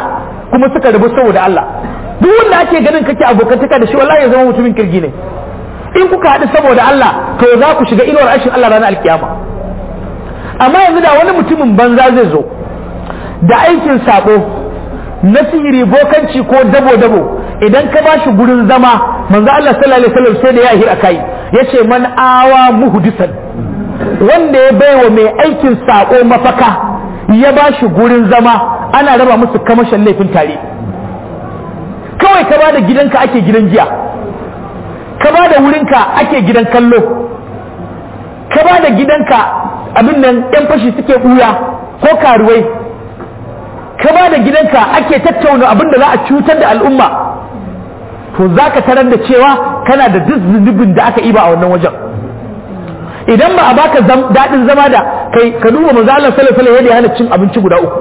S1: kuma suka rabu saboda Allah duk wanda ake ganin kake abokantaka da shi wallahi ya zama mutumin kirgi ne in kuka haɗu saboda Allah to za ku shiga inuwar ashin Allah ranar alkiyama amma yanzu da wani mutumin banza zai zo da aikin sabo na sihiri bokanci ko dabo dabo idan ka ba shi gurin zama manzo Allah sallallahu alaihi wasallam sai da ya hira kai yace man awa muhdisan wanda ya baiwa mai aikin saƙo mafaka ya ba shi gurin zama ana raba musu kamashin laifin tare kawai ka bada gidanka ake gidan jiya, ka bada wurinka ake gidan kallo ka bada gidanka abin nan yan fashi suke buya ko karuwai ka ba da gidanka ake tattauna abin da za a cutar da al'umma to za ka tarar da cewa kana da duk zunubin da aka iba a wannan wajen idan ba a baka daɗin zama da kai ka duba manzo Allah sallallahu alaihi wasallam yana cin abinci guda uku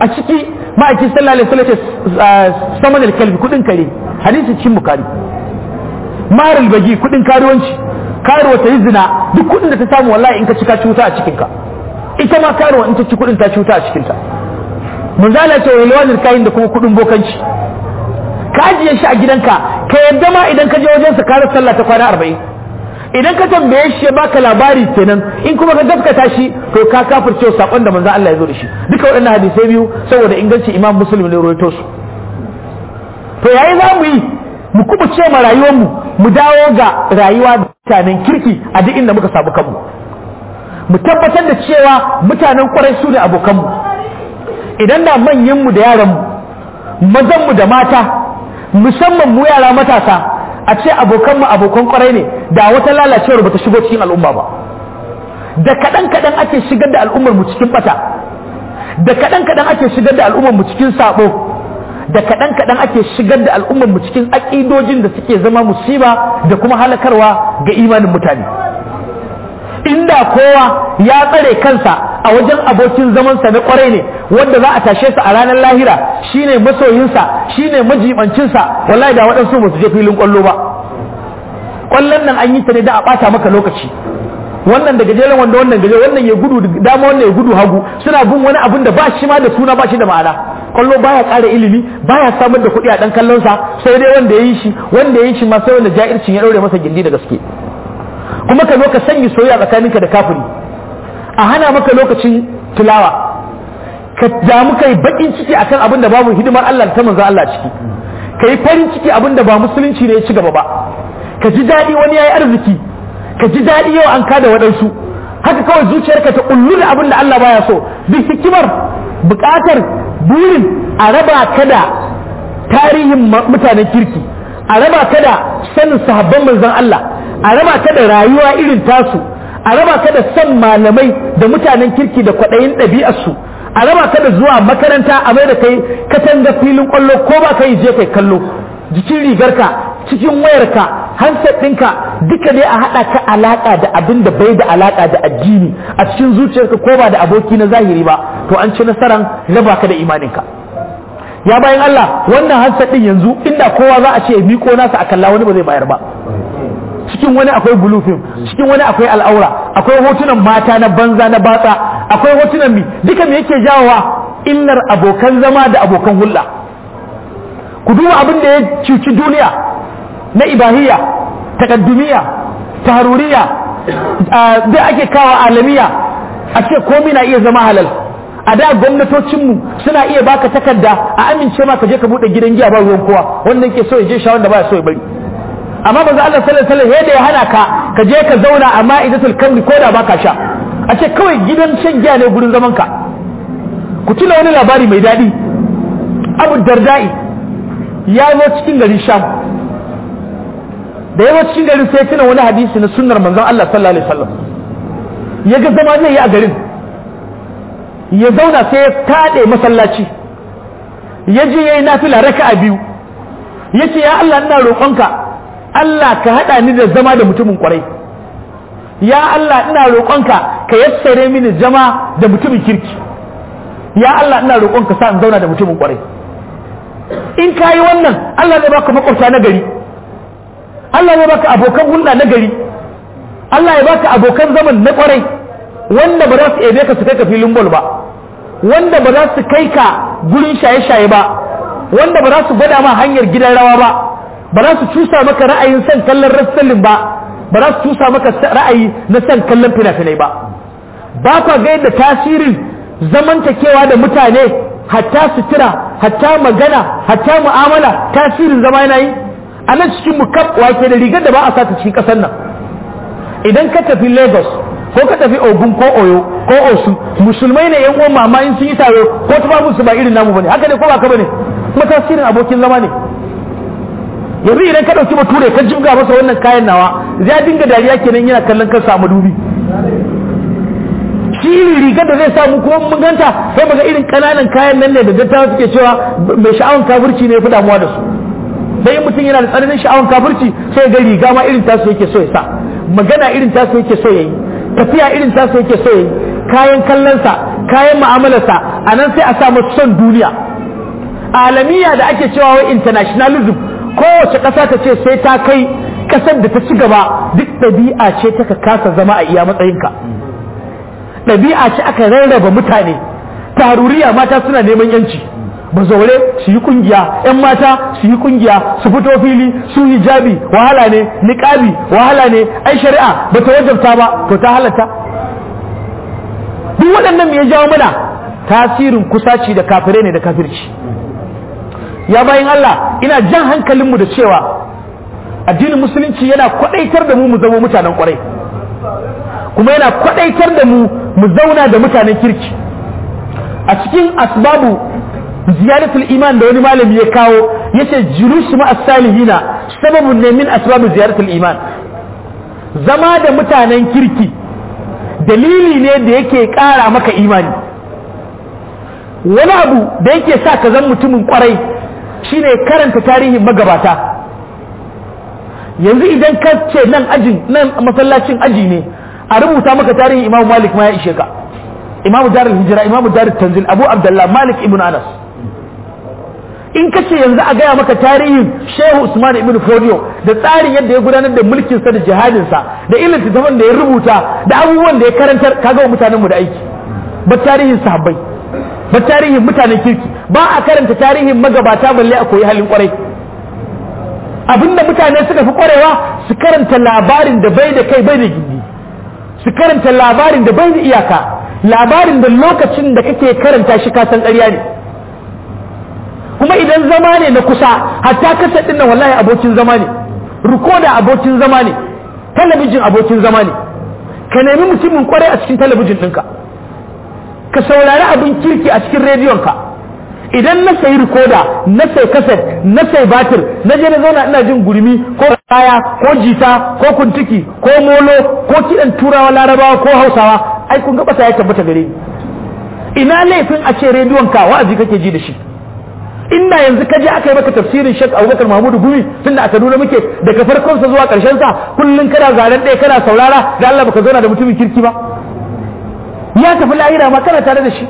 S1: a ciki ma'aikin sallallahu alaihi wasallam ce saman alkalbi kudin kare hadisi cin bukari marul bagi kudin karuwanci karuwa ta yi zina duk kudin da ta samu wallahi in ka ci ka cuta a cikinka ita ma karuwa in ta ci kudin ta cuta a cikinta zala ce wani lawanin kayan da kuma kudin bokanci ka ajiye shi a gidanka ka yadda ma idan ka je wajen sa karar sallah ta kwana arba'in idan ka tambaye shi ya baka labari kenan in kuma ka gaskata shi to ka kafirce sakon da manzo Allah ya zo da shi duka waɗannan hadisai biyu saboda inganci Imam Muslim ne rawaito su to yayi za mu yi mu kuma ce ma rayuwar mu mu dawo ga rayuwa da mutanen kirki a duk inda muka samu kanmu mu tabbatar da cewa mutanen kwarai su ne abokanmu idan da manyanmu da yaranmu mazanmu da mata musamman mu yara matasa a ce abokanmu abokan kwarai ne da wata lalacewar bata shigo cikin al'umma ba da kaɗan kaɗan ake shigar da al'ummar mu cikin bata da kaɗan kaɗan ake shigar da al'ummar mu cikin sabo da kaɗan kaɗan ake shigar da al'ummar mu cikin aƙidojin da suke zama musiba da kuma halakarwa ga imanin mutane inda kowa ya tsare kansa a wajen abokin zamansa na kwarai ne wanda za a tashe sa a ranar lahira shine masoyinsa shine majibancinsa wallahi da waɗansu ba su je filin kwallo ba kwallon nan an yi ta ne da a ɓata maka lokaci wannan da gajeren wanda wannan gajeren wannan ya gudu dama wannan ya gudu hagu suna bin wani abin da ba shi ma da suna ba shi da ma'ana kwallo baya ƙara ilimi baya samar da kuɗi a ɗan kallon sa sai dai wanda ya yi shi wanda ya yi shi ma sai wanda ja'ircin ya ɗaure masa gindi da gaske kuma ka zo ka sanya soyayya tsakaninka da kafiri a hana maka lokacin tilawa ka damu kai bakin ciki akan abin da babu hidimar Allah ta manzo Allah ciki kai farin ciki abin da ba musulunci ne ya ci gaba ba ka ji daɗi wani yayi arziki ka ji daɗi yau an kada wadansu haka kawai zuciyarka ta kullu abin da Allah baya so duk hikimar buƙatar burin a raba ka tarihin mutanen kirki a raba kada sanin sahabban manzon Allah a raba ka rayuwa irin tasu a raba ka da son malamai da mutanen kirki da kwaɗayin ɗabi'arsu a raba ka da zuwa makaranta a mai da kai katanga filin ƙwallo ko ba ka yi je kai kallo jikin rigarka cikin wayarka handset ɗinka duka dai a haɗa ka alaƙa da abin da bai da alaƙa da addini a cikin zuciyarka ko ba da aboki na zahiri ba to an ci nasaran raba ka da imaninka ya bayan Allah wannan handset ɗin yanzu inda kowa za a ce ya miko nasa a kalla wani ba zai bayar ba cikin wani akwai bulufin cikin wani akwai al'aura akwai hotunan mata na banza na batsa akwai hotunan mi duka me yake jawowa illar abokan zama da abokan hulɗa ku duba abin da ya cuci duniya na ibahiyya takaddumiya taharuriya da ake kawo alamiya a ce komai na iya zama halal a da gwamnatocinmu suna iya baka takarda a amince ma ka je ka buɗe gidan giya ba ruwan kowa wannan ke so ya je shawar da ba ya so ya bari amma za Allah sallallahu alaihi wasallam ya hana ka ka je ka zauna amma idatul kamri ko da baka sha a ce kawai gidan shan giya ne gurin zaman ka ku tuna wani labari mai daɗi abu dardai ya zo cikin garin sham da ya zo cikin garin sai tuna wani hadisi na sunnar manzon Allah sallallahu alaihi wasallam ya ga zama zai yi a garin ya zauna sai ya taɗe masallaci ya je ya yi nafila raka'a biyu ya ce ya Allah ina roƙonka Allah ka haɗa ni da zama da mutumin kwarai ya Allah ina roƙonka ka yassare mini zama da mutumin kirki ya Allah ina roƙonka sa in zauna da mutumin kwarai in ka yi wannan Allah ne baka makwabta na gari Allah ne baka abokan hulɗa na gari Allah ya baka abokan zaman na kwarai wanda ba za su ebe ka su kai ka filin bol ba wanda ba za su kai ka gurin shaye-shaye ba wanda ba za su gwada ma hanyar gidan rawa ba ba za su cusa maka ra'ayin san kallon rassalin ba ba za su cusa maka ra'ayi na san kallon fina-finai ba ba kwa ga yadda tasirin zamantakewa da mutane hatta sutura hatta magana hatta mu'amala tasirin zama yana yi a nan cikin mukab wake da rigar da ba a sata cikin kasar nan idan ka tafi lagos ko ka tafi ogun ko oyo ko osu musulmai ne yan uwan mama in sun yi taro ko ta ba musu ba irin namu bane haka ne ko ba ka bane kuma tasirin abokin zama ne yanzu idan ka dauki bature ka jibga masa wannan kayan nawa zai dinga dariya kenan yana kallon kansa a madubi shi rigar da zai samu kuma mun ganta sai muga irin kananan kayan nan ne da dattawa suke cewa mai sha'awan kafirci ne fi damuwa da su sai mutum yana da tsananin sha'awan kafirci sai ga riga ma irin tasu yake so ya sa magana irin tasu yake so ya yi tafiya irin tasu yake so ya yi kayan kallonsa kayan mu'amalarsa a nan sai a sa masu son duniya alamiya da ake cewa wai internationalism kowace ƙasa ta ce sai ta kai ƙasar da ta ci gaba duk ɗabi'a ce ta kasa zama a iya matsayinka ɗabi'a ce aka rarraba mutane taruriya mata suna neman yanci ba zaure su yi kungiya yan mata su yi kungiya su fito fili su yi jabi wahala ne niƙabi wahala ne ai shari'a ba ta wajabta ba to ta halatta duk waɗannan me ya jawo mana tasirin kusaci da kafire ne da kafirci ya bayan Allah ina jan hankalinmu da cewa addinin musulunci yana kwadaitar da mu mu zama mutanen kwarai kuma yana kwadaitar da mu mu zauna da mutanen kirki a cikin asbabu ziyaratul iman da wani malami ya kawo yace julusu ma as-salihina sababun ne min asbabu ziyaratul iman zama da mutanen kirki dalili ne da yake kara maka imani wani abu da yake sa ka zan mutumin kwarai shine karanta tarihin magabata yanzu idan ka ce nan ajin nan masallacin aji ne a rubuta maka tarihin imamu malik ma ya ishe ka imamu darul hijira imamu darul tanzil abu abdullah malik ibn anas in ka ce yanzu a gaya maka tarihin shehu usman ibn fodiyo da tsarin yadda ya gudanar da mulkinsa da jihadinsa da ilin littattafan da ya rubuta da abubuwan da ya karantar kaga wa mutanenmu da aiki ba tarihin sahabbai ba tarihin mutanen kirki ba a karanta tarihin magabata balle a koyi halin kwarai abinda mutane suka fi kwarewa su karanta labarin da bai da kai bai da gindi su karanta labarin da bai da iyaka labarin da lokacin da kake karanta shi ka san ƙarya ne kuma idan zama ne na kusa hatta kasa ɗin wallahi abokin zama ne rikoda abokin zama ne talabijin abokin zama ne ka nemi mutumin kwarai a cikin talabijin ɗinka ka saurari abin kirki a cikin rediyonka idan na sayi rikoda na sai kaset na sai batir na je na zauna ina jin gurmi ko kaya ko jita ko kuntiki ko molo ko kiɗan turawa larabawa ko hausawa ai kun ga gabata ya tabbata gare ni ina laifin a ce rediyon rediyonka wa'azi kake ji da shi inda yanzu ka je aka yi maka tafsirin a Abubakar Mahmudu Gumi tunda a Kaduna muke daga farkon sa zuwa karshen sa kullun kana zaren ɗaya kana saurara da Allah baka zauna da mutumin kirki ba ya tafi la'ira ma kana tare da shi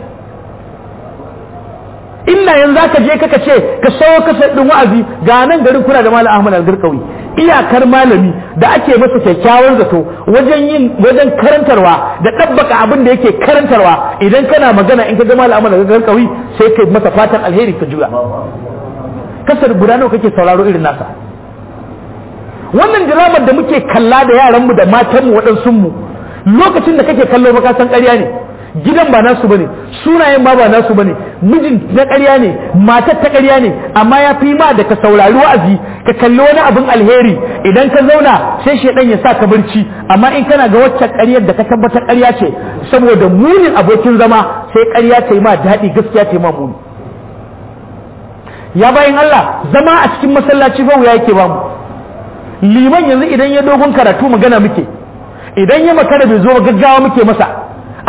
S1: illa yanzu zaka je kaka ce ka sayo kasar ɗin wa'azi ga nan garin kuna da malam Ahmad Algarkawi iyakar malami da ake masa kyakkyawan zato wajen yin wajen karantarwa da ɗabbaka abin da yake karantarwa idan kana magana in ka ga malam Ahmad Algarkawi sai kai masa fatan alheri ka juya kasar guda nawa kake sauraro irin nasa wannan jarabar da muke kalla da yaranmu da matanmu waɗansunmu lokacin da kake kallo ba ka san ƙarya ne gidan ba nasu bane sunayen ba ba nasu bane mijin na ƙarya ne matar ta ƙarya ne amma ya fi ma da ka saurari wa'azi ka kalli wani abin alheri idan ka zauna sai shedan ya sa ka barci amma in kana ga waccan ƙaryar da ka tabbatar ƙarya ce saboda munin abokin zama sai ƙarya ta yi ma daɗi gaskiya ta yi ma muni ya bayan Allah zama a cikin masallaci ba wuya yake ba mu liman yanzu idan ya dogon karatu magana muke idan ya makara bai zo gaggawa muke masa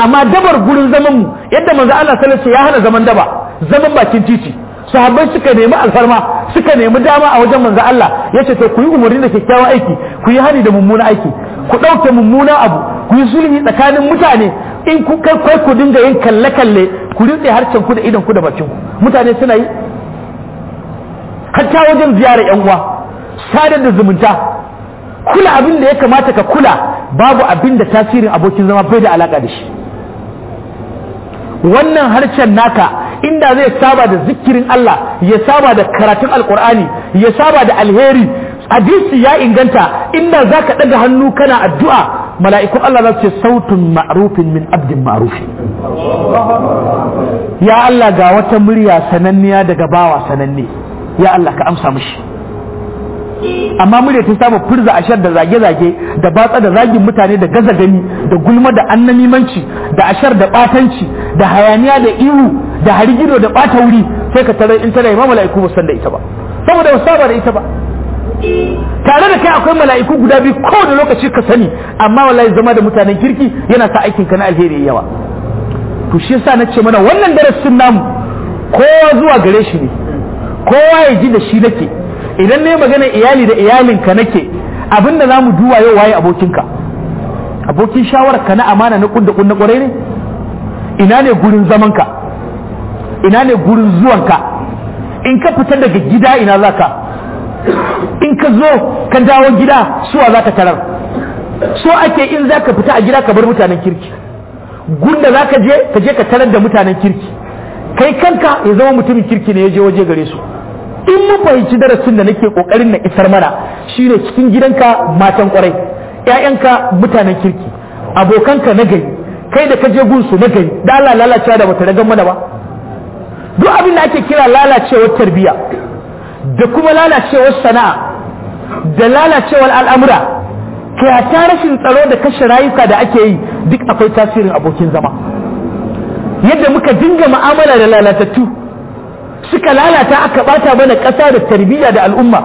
S1: amma dabar gurin zaman mu yadda manzo Allah sallallahu ya hana zaman daba zaman bakin titi sahabbai suka nemi alfarma suka nemi dama a wajen manzo Allah yace to ku yi umarni da kyakkyawan aiki ku yi hani da mummuna aiki ku dauke mummuna abu ku yi sulhi tsakanin mutane in ku kai kai ku dinga yin kalle kalle ku rinde harcen ku da idan ku da bakin ku mutane suna yi hatta wajen ziyara yan uwa sadar da zumunta kula abin da ya kamata ka kula babu abin da tasirin abokin zama bai da alaka da shi wannan harshen naka inda zai saba da zikirin Allah ya saba da karatun alkur'ani ya saba da alheri hadisi ya inganta inda za ka ɗaga hannu kana addu'a mala'ikun Allah za su ce sautun ma'rufin min abdin ma'rufi ya Allah ga wata murya sananniya daga bawa sananne ya Allah ka amsa mushi amma murya ta saba furza ashar da zage-zage da batsa da zagin mutane da gaza gani da gulma da annamimanci da ashar da batanci da hayaniya da ihu da harigido da bata wuri sai ka tarar in tana imam mala'iku ba da ita ba saboda ba saba da ita ba tare da kai akwai mala'iku guda biyu kowane lokaci ka sani amma wallahi zama da mutanen kirki yana sa aikin ka na alheri yawa to shi yasa na ce mana wannan darasin namu kowa zuwa gare shi ne kowa ya ji da shi nake idan ne magana iyali da iyalinka nake abinda za mu duwa yau waye abokinka abokin shawarar ka na amana na kunda kunna kwarai ne ina ne gurin zamanka ina ne gurin zuwanka in ka fita daga gida ina za ka in ka zo ka dawo gida suwa za ka tarar so ake in za ka fita a gida ka bar mutanen kirki gunda za ka je ka je ka tarar da mutanen kirki kai kanka ya zama mutumin kirki ne ya je waje gare su in mun fahimci darasin da nake kokarin na isar mana shine cikin gidanka matan kwarai ƴaƴanka mutanen kirki abokanka na gari kai da ka je gunsu na gari da Allah lalacewa da bata ragan mana ba duk abin da ake kira lalacewar tarbiyya da kuma lalacewar sana'a da lalacewar al'amura kai ta rashin tsaro da kashe rayuka da ake yi duk akwai tasirin abokin zama yadda muka dinga mu'amala da lalatattu suka lalata aka bata mana ƙasa da tarbiyya da al'umma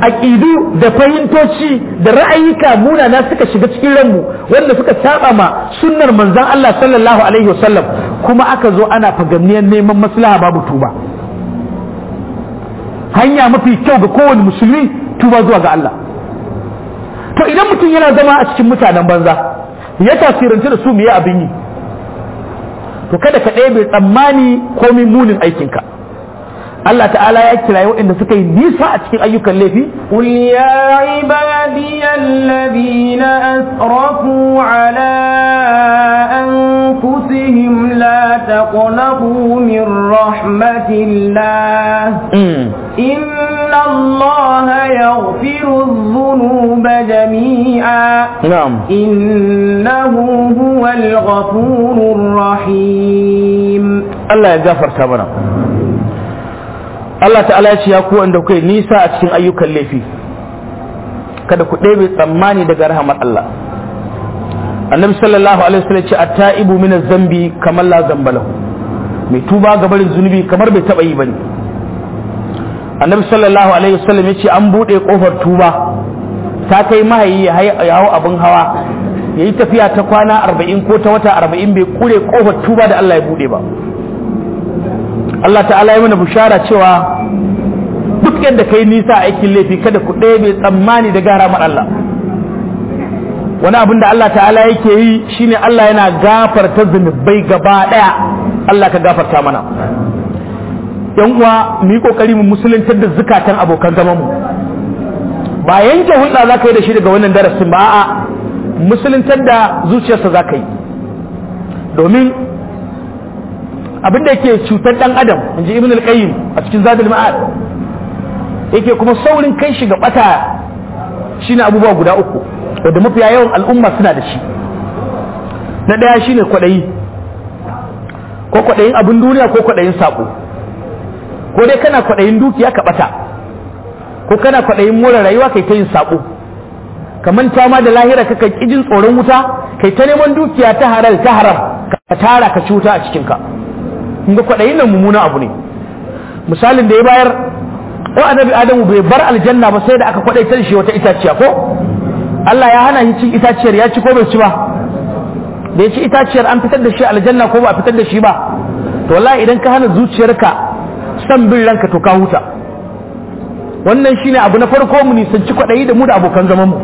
S1: aƙidu da fahimtoci da ra'ayika munana suka shiga cikin ranmu wanda suka saba ma sunnar manzon Allah sallallahu alaihi wasallam kuma aka zo ana fagamniyar neman maslaha babu tuba hanya mafi kyau ga kowane musulmi tuba zuwa ga Allah to idan mutum yana zama a cikin mutanen banza ya tasirance da su miye abin yi to kada ka ɗebe tsammani komin munin aikinka Allah ta'ala ya kira waɗanda suka yi nisa a cikin ayyukan laifi qul ya
S2: ibadiyal ladina asrafu ala anfusihim la taqnatu min rahmatillah hmm. إن الله يغفر الذنوب جميعا نعم إنه هو الغفور الرحيم
S1: الله يغفر كبرا Allah ta'ala ya ce ya ku wanda kuka nisa a cikin ayyukan laifi kada ku ɗebe tsammani daga rahamar Allah annabi sallallahu alaihi wasallam ce at-ta'ibu min zambi kamar la zambalahu mai tuba ga barin zunubi kamar bai taɓa yi bane annabi sallallahu alaihi wasallam ya ce an buɗe ƙofar tuba ta kai mahayi ya hau abin hawa ya yi tafiya ta kwana arba'in ko ta wata arba'in bai kure ƙofar tuba da Allah ya buɗe ba Allah ta'ala ya mana bushara cewa duk yadda kai nisa aikin laifi kada ku ɗaya mai tsammani da gara Allah wani abin da Allah ta'ala yake yi shine Allah yana gafarta zunubai gaba ɗaya Allah ka gafarta mana yan uwa mu yi kokari mu musuluntar da zukatan abokan zaman mu ba yanke hulɗa za ka yi da shi daga wannan darasin ba a'a musuluntar da zuciyarsa za ka yi domin abin da yake cutar ɗan adam in ji ibn alƙayyim a cikin zadul ma'ad yake kuma saurin kai shi ga bata shine abubuwa guda uku wadda mafiya yawan al'umma suna da shi na ɗaya shine kwaɗayi ko kwaɗayin abin duniya ko kwaɗayin saƙo ko dai kana kwaɗayin dukiya ka ɓata ko kana kwaɗayin more rayuwa kai ta yin saƙo ka manta ma da lahira ka kai kijin tsoron wuta kai ta neman dukiya ta haram ta haram ka tara ka cuta a cikinka kun ga kwaɗayin nan mummuna abu ne misalin da ya bayar ɗan annabi adamu bai bar aljanna ba sai da aka kwaɗaitar shi wata itaciya ko Allah ya hana shi cin itaciyar ya ci ko bai ci ba da ya ci itaciyar an fitar da shi aljanna ko ba a fitar da shi ba to wallahi idan ka hana zuciyarka san bin ranka to ka huta wannan shine abu na farko mu nisanci kwaɗayi da mu da abokan zaman mu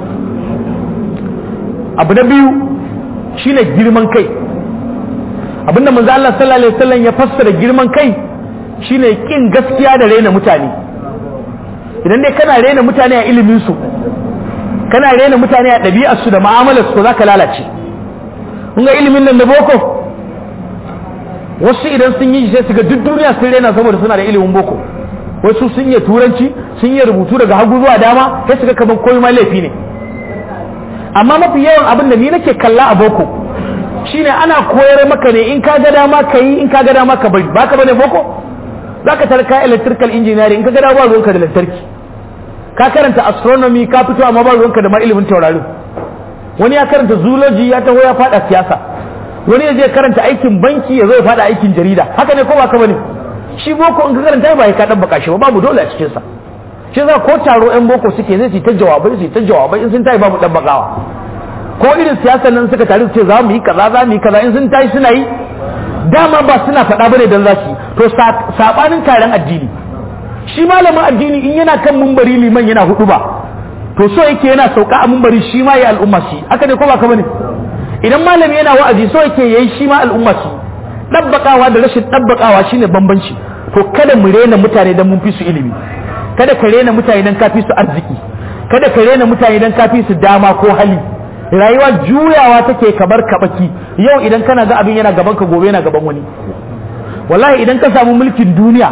S1: abu na biyu shine girman kai abinda manzo Allah sallallahu alaihi wasallam ya fassara girman kai shine kin gaskiya da raina mutane idan dai kana raina mutane a ilimin su kana raina mutane a ɗabi'ar su da mu'amalar su zaka lalace kun ga ilimin nan na boko wasu idan sun yi sai su ga duk duniya sun rena saboda suna da ilimin boko wasu sun yi turanci sun yi rubutu daga hagu zuwa dama sai suka kaman koyi ma laifi ne amma mafi yawan abin da ni nake kalla a boko shine ana koyar maka ne in ka ga dama ka yi in ka ga dama ka bari baka bane boko za ka tarka electrical engineering in ka ga dama ruwanka da lantarki ka karanta astronomy ka fito amma ba ruwanka da ma ilimin taurari wani ya karanta zoology ya taho ya fada siyasa wani ya je karanta aikin banki ya zo ya fada aikin jarida haka ne ko ba ka bane shi boko in ka karanta ba ya ka dan baka shi ba babu dole a cikin sa shi za ko taro ɗan boko suke zai ci ta jawabai zai ta jawabai in sun tayi babu dan bakawa ko irin siyasar nan suka tare su ce za mu yi kaza za mu yi kaza in sun tayi suna yi dama ba suna faɗa bane dan za su to sabanin taron addini shi malamin addini in yana kan mumbari liman yana hudu ba to so yake yana sauka a mumbari shi ma ya al'umma shi haka ne ko ba ka bane idan malami yana wa'azi so yake yayi shi ma al'umma su dabbakawa da rashin dabbakawa shine bambanci to kada mu rena mutane dan mun fi su ilimi kada ka rena mutane dan ka fi su arziki kada ka rena mutane dan ka fi su dama ko hali rayuwa juyawa take kamar kabaki yau idan kana ga abin yana gaban ka gobe yana gaban wani wallahi idan ka samu mulkin duniya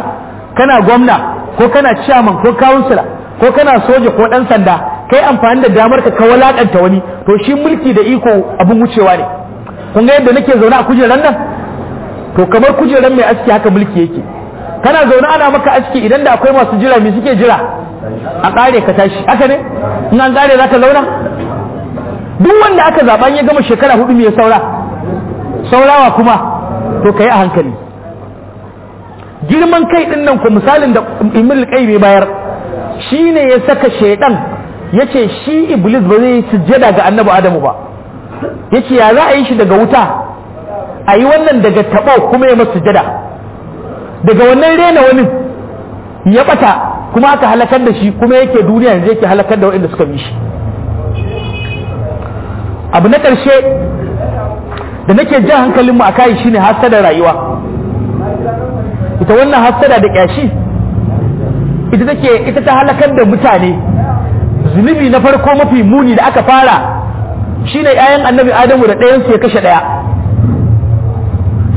S1: kana gwamna ko kana chairman ko councilor ko kana soja ko dan sanda kai amfani da damar ka ka walakanta wani to shi mulki da iko abin wucewa ne kun ga yadda nake zaune a kujeran nan to kamar kujeran mai aski haka mulki yake kana zaune ana maka aski idan da akwai masu jira me suke jira a kare ka tashi haka ne in an kare zaka zauna duk wanda aka zaba ya gama shekara hudu me saura saurawa kuma to kai a hankali girman kai din nan ko misalin da imil kai mai bayar shine ya saka shaiɗan. yace shi iblis ba zai sujjada ga annabi adamu ba yace ya za a yi shi daga wuta a yi wannan daga tabo kuma ya jada daga wannan rena wani ya bata kuma aka halakar da shi kuma yake duniya yanzu yake halakar da waɗanda suka bi shi abu na ƙarshe
S3: da nake jan hankalinmu a shi shine hasada rayuwa ita wannan hasada da ƙyashi
S1: ita take ita ta halakar da mutane zunubi na farko mafi muni da aka fara ne yayan annabi adamu da ɗayan su ya kashe ɗaya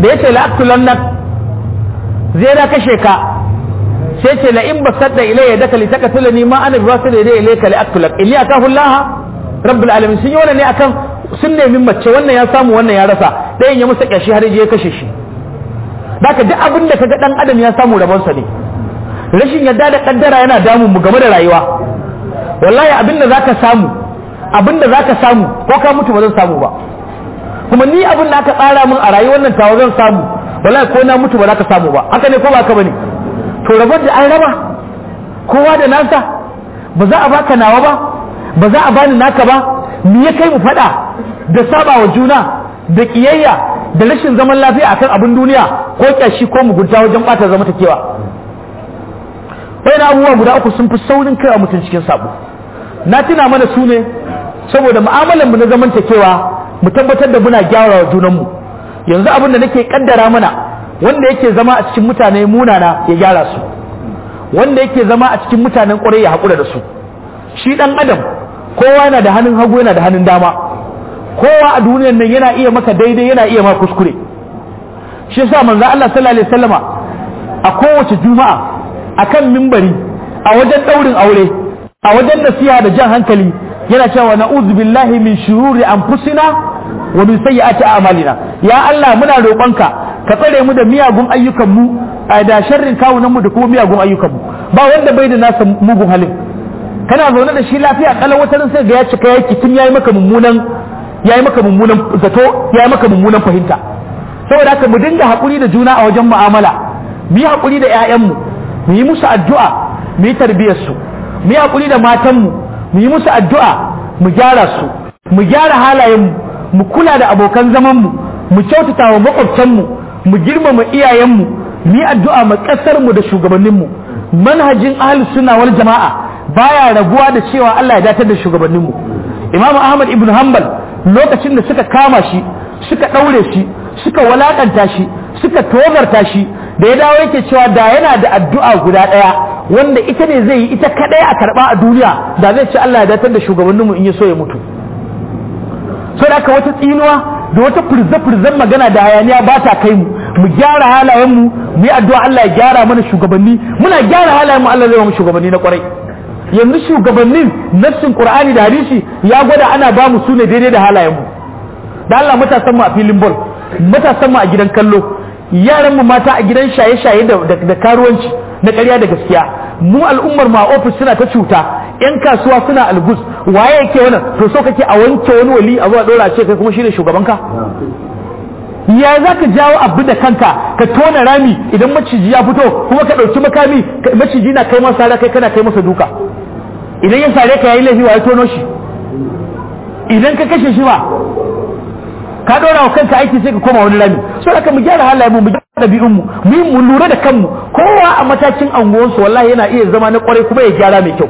S1: da ce la aktulannak zai na kashe ka sai ce la in basadda ilayya daka li tula ma ana rasul ilayya ilayka li aktulak illi akahullaha rabbul alamin sun yi wani ne akan sun nemi mace wannan ya samu wannan ya rasa ɗayan ya musa ƙyashi har je ya kashe shi baka duk abin da ka ga ɗan adam ya samu rabonsa ne rashin yadda da ƙaddara yana damun mu game da rayuwa wallahi abinda zaka samu abinda zaka samu ko ka mutu ba zan samu ba kuma ni abin da aka tsara min a rayuwar nan tawa zan samu wallahi ko na mutu ba za ka samu ba haka ne ko ba ka bane to rabar da an raba kowa da nasa ba za a baka nawa ba ba za a bani naka ba me ya kai mu fada da saba wa juna da kiyayya da rashin zaman lafiya akan abin duniya ko kyashi ko mugunta wajen bata zama takewa na abubuwa guda uku sun fi saurin kai a mutum cikin sabo na tuna mana su ne saboda mu'amalar mu na zamantakewa mu tabbatar da muna gyara junan mu yanzu abin da nake kaddara mana wanda yake zama a cikin mutane munana ya gyara su wanda yake zama a cikin mutanen ƙwarai ya haƙura da su shi ɗan adam kowa yana da hannun hagu yana da hannun dama kowa a duniyar nan yana iya maka daidai yana iya ma kuskure shi yasa manzo Allah sallallahu alaihi wasallama a kowace juma'a akan mimbari a wajen daurin aure a wajen nasiha da jan hankali yana cewa na'udhu billahi min shururi anfusina wa min a a'malina ya Allah muna roƙonka ka tsare mu da miyagun ayyukanmu a da sharrin kawunan mu da kuma miyagun ayyukanmu ba wanda bai da nasa mugun halin kana zaune da shi lafiya kalau wata sai ga ya cika yaki tun yayi maka mummunan yayi maka mummunan zato yayi maka mummunan fahimta saboda haka mu dinga hakuri da juna a wajen mu'amala mu yi hakuri da 'ya'yanmu mu yi musu addu'a mu yi tarbiyyar su mu yi hakuri da matanmu mu yi musu addu'a mu gyara su mu gyara halayenmu mu kula da abokan zamanmu mu kyautata wa makwabtanmu mu girmama iyayenmu mu yi addu'a ma ƙasarmu da shugabanninmu manhajin ahli suna wal jama'a baya rabuwa da cewa Allah ya datar da shugabanninmu Imam Ahmad ibn Hanbal lokacin da suka kama shi suka daure shi suka walakanta shi suka tobarta shi da ya dawo yake cewa da yana da addu'a guda ɗaya wanda ita ne zai yi ita kadai a karba a duniya da zai ci Allah ya datar da shugabanninmu in ya so ya mutu sai aka wata tsinuwa da wata furza-furzan magana da hayaniya ba ta kai mu mu gyara halayenmu mu yi addu'a Allah ya gyara mana shugabanni muna gyara halayenmu Allah zai mu shugabanni na kwarai yanzu shugabannin nafsin Qur'ani da hadisi ya gwada ana ba mu su daidai da halayenmu da Allah matasan mu a filin ball matasan mu a gidan kallo yaran mu mata a gidan shaye-shaye da karuwanci na ƙarya da gaskiya mu al'ummar ma ofis suna ta cuta yan kasuwa suna algus waye yake wannan to so kake a wanke wani wali a zuwa dora ce kai kuma shine shugaban ka ya za ka jawo abu da kanka ka tona rami idan maciji ya fito kuma ka ɗauki makami maciji na kai masa kai kana kai masa duka idan ya sare ka yayi laifi wa ya tono shi idan ka kashe shi ba ka dora wa kanka aiki sai ka koma wani rami so haka mu gyara halayen mu mu gyara dabi'un mu mu mu lura da kanmu kowa a matakin su wallahi yana iya zama na kwarai kuma ya gyara mai kyau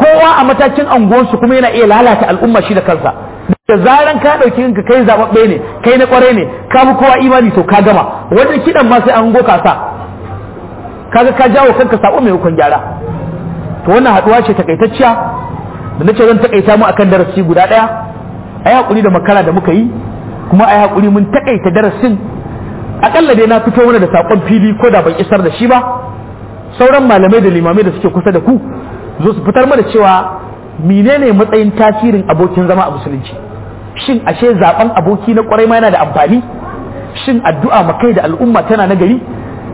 S1: kowa a matakin su kuma yana iya lalata al'umma shi da kansa da zaran ka dauki kanka kai zababbe ne kai na kwarai ne ka kowa imani to ka gama wannan kidan ma sai an goka sa kaga ka jawo kanka sabo mai hukun gyara to wannan haduwa ce takaitacciya da nace zan takaita mu akan darasi guda daya ayi hakuri da makara da muka yi kuma a yi hakuri mun takaita darasin akalla dai na fito mana da sakon fili ko da ban isar da shi ba sauran malamai da limamai da suke kusa da ku zo su fitar mana cewa menene matsayin tasirin abokin zama a musulunci shin ashe zaben aboki na kwarai ma yana da amfani shin addu'a ma kai da al'umma tana na gari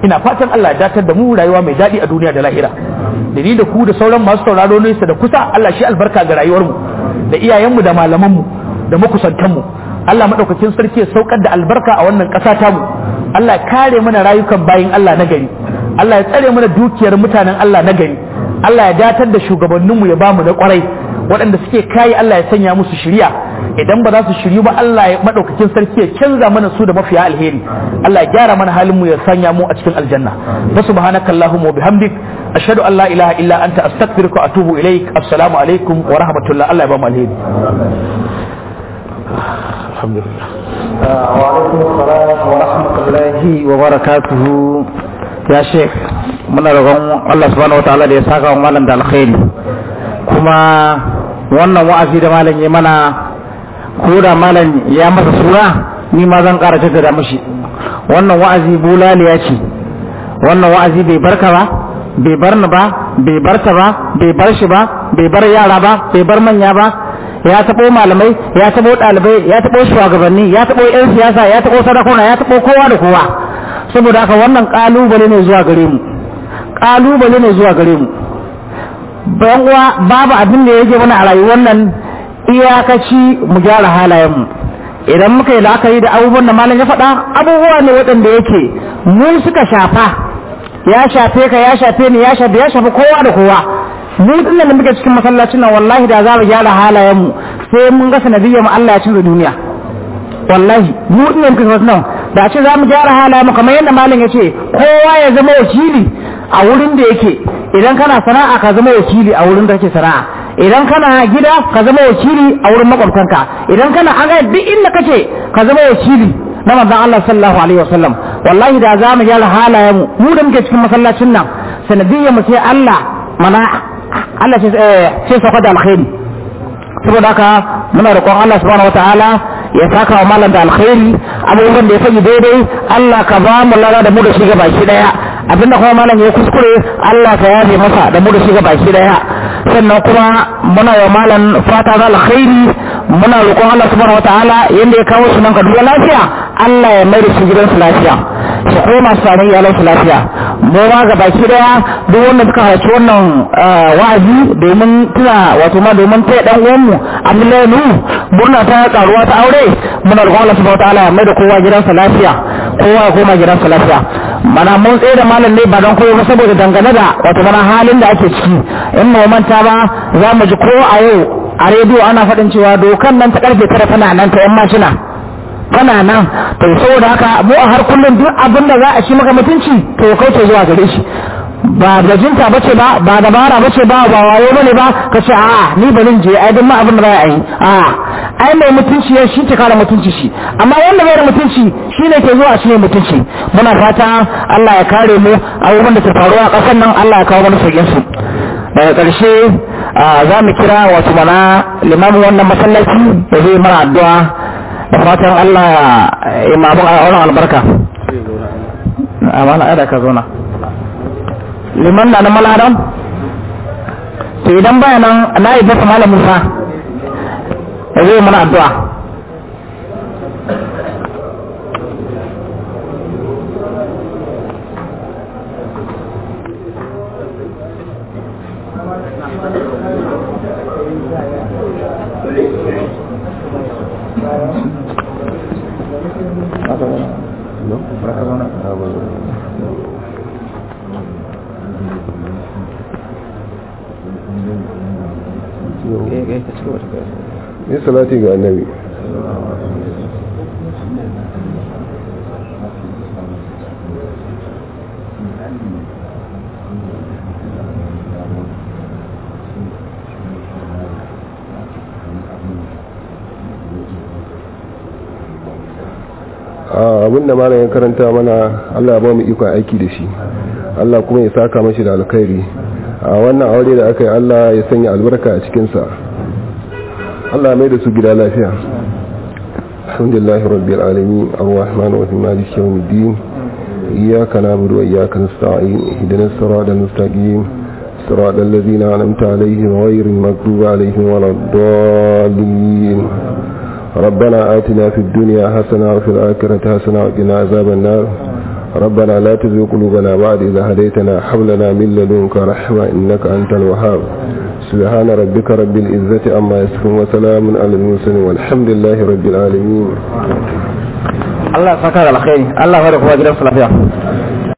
S1: ina fatan Allah ya datar da mu rayuwa mai daɗi a duniya da lahira da ni da ku da sauran masu sauraro nesa da kusa Allah shi albarka ga rayuwar mu da iyayenmu da malamanmu da makusantanmu Allah madaukakin sarki ya saukar da albarka a wannan ƙasa tamu Allah ya kare mana rayukan bayin Allah na gari Allah ya tsare mana dukiyar mutanen Allah na gari Allah ya datar da shugabanninmu ya bamu na kwarai waɗanda suke kayi Allah ya sanya musu shirya idan ba za su shiryu ba Allah ya madaukakin sarki ya canza mana su da mafiya alheri Allah ya gyara mana halin mu ya sanya mu a cikin aljanna fa subhanakallahumma wa bihamdik ashhadu an la ilaha illa anta astaghfiruka wa atubu ilaik assalamu alaikum wa rahmatullah Allah ya ba mu alheri الحمد لله
S3: وعليكم السلام ورحمة
S4: الله
S1: وبركاته ya sheik muna roƙon Allah subhanahu wataala da ya saka wa malam da alkhairi kuma wannan wa'azi da malam ya ko da malam ya masa sura ni ma zan ƙara jaddada mashi wannan wa'azi bulaliya ce wannan wa'azi bai barka ba bai bar ni ba bai bar ta ba bai bar shi ba bai bar yara ba bai bar manya ba ya taɓo malamai ya taɓo ɗalibai ya taɓo shugabanni ya taɓo 'yan siyasa ya taɓo sadakona ya taɓo kowa da kowa saboda haka wannan ƙalubale ne zuwa gare mu ƙalubale ne zuwa gare mu ban uwa babu abin da yake mana a rayuwar nan iyakaci mu gyara mu idan muka yi la'akari da abubuwan da malam ya faɗa abubuwa ne waɗanda yake mun suka shafa ya shafe ka ya shafe ni ya shafe ya shafe kowa da kowa mu dinnan da muke cikin masallacin nan wallahi da za mu gyara halayen mu sai mun ga sanadiyyar mu Allah ya canza duniya wallahi mu dinnan muke cikin nan da ce za mu gyara halayen mu kamar yadda malam ya ce kowa ya zama wakili a wurin da yake idan kana sana'a ka zama wakili a wurin da kake sana'a idan kana gida ka zama wakili a wurin makwabtanka idan kana an duk inda kake ka zama wakili na manzon Allah sallallahu alaihi wasallam wallahi da za mu gyara halayen mu mu da muke cikin masallacin nan sanadiyyar mu sai Allah mana Allah sai eh, sauka da alkhairi saboda haka muna roƙon Allah subhanahu wataala ya saka wa malam da alkhairi abubuwan da ya sani daidai Allah ka ba mu lada da mu da shi gaba shi daya abinda kuma malam ya kuskure Allah ka yafe masa da mu da shi gaba shi daya sannan kuma muna wa malam fata da alkhairi muna roƙon Allah subhanahu wataala yanda ya kawo shi nan Kaduna lafiya Allah ya mai da shi gidansu lafiya su koma su sami iyalansu lafiya mu ma ga baki daya duk wanda suka halarci wannan eh, wa'azi domin tuna wato ma domin taya dan uwanmu Abdullahi nu murna ta karuwa ta aure muna roƙon Allah subhanahu wataala ya mai da kowa gidansa lafiya kowa ya koma gidansa lafiya mana mun tsaye da malam ne ba don koyo ba saboda dangane da wato mana halin da ake ciki in mu manta ba za mu ji ko a yau a rediyo ana faɗin cewa dokan nan ta karfe tara tana nan ta yan mashina kana nan to saboda haka mu a har kullum duk abin da za a ci maka mutunci to kai kauce zuwa gare shi ba gajinta ba ce ba ba dabara ba ce ba ba wayo ba ne ba ka ce a'a ni ba je ai duk ma abin da za a yi a'a ai mai mutunci ya shi ta kare mutunci shi amma wanda bai da mutunci shi ne ke zuwa shi ne mutunci muna fata Allah ya kare mu abubuwan da ke faruwa a ƙasar nan Allah ya kawo mana sauƙin su daga ƙarshe za mu kira wasu mana limamin wannan masallaci da zai mara addu'a da fatan Allah ya mamu a auren albarka amana ada ka zona liman na nan malaran to idan baya nan na yi basa malam musa zai mana addu'a
S4: da malam ya karanta mana Allah ba mu ikon aiki da shi Allah kuma ya saka mashi da alkhairi a wannan aure da aka yi Allah ya sanya albarka a cikinsa Allah mai da su gida lafiya alhamdulillahi rabbil alamin arrahman rahim maliki yawmiddin iyyaka na'budu wa iyyaka nasta'in ihdinas siratal mustaqim siratal ladzina an'amta alaihim ghayril maghdubi alaihim waladdallin ربنا آتنا في الدنيا حسنة وفي الآخرة حسنة وقنا عذاب النار ربنا لا تزغ قلوبنا بعد إذا هديتنا حولنا لنا من لدنك رحمة إنك أنت الوهاب سبحان ربك رب العزة عما يصفون وسلام على المرسلين والحمد
S3: لله رب العالمين الله سكر الخير الله يبارك فيك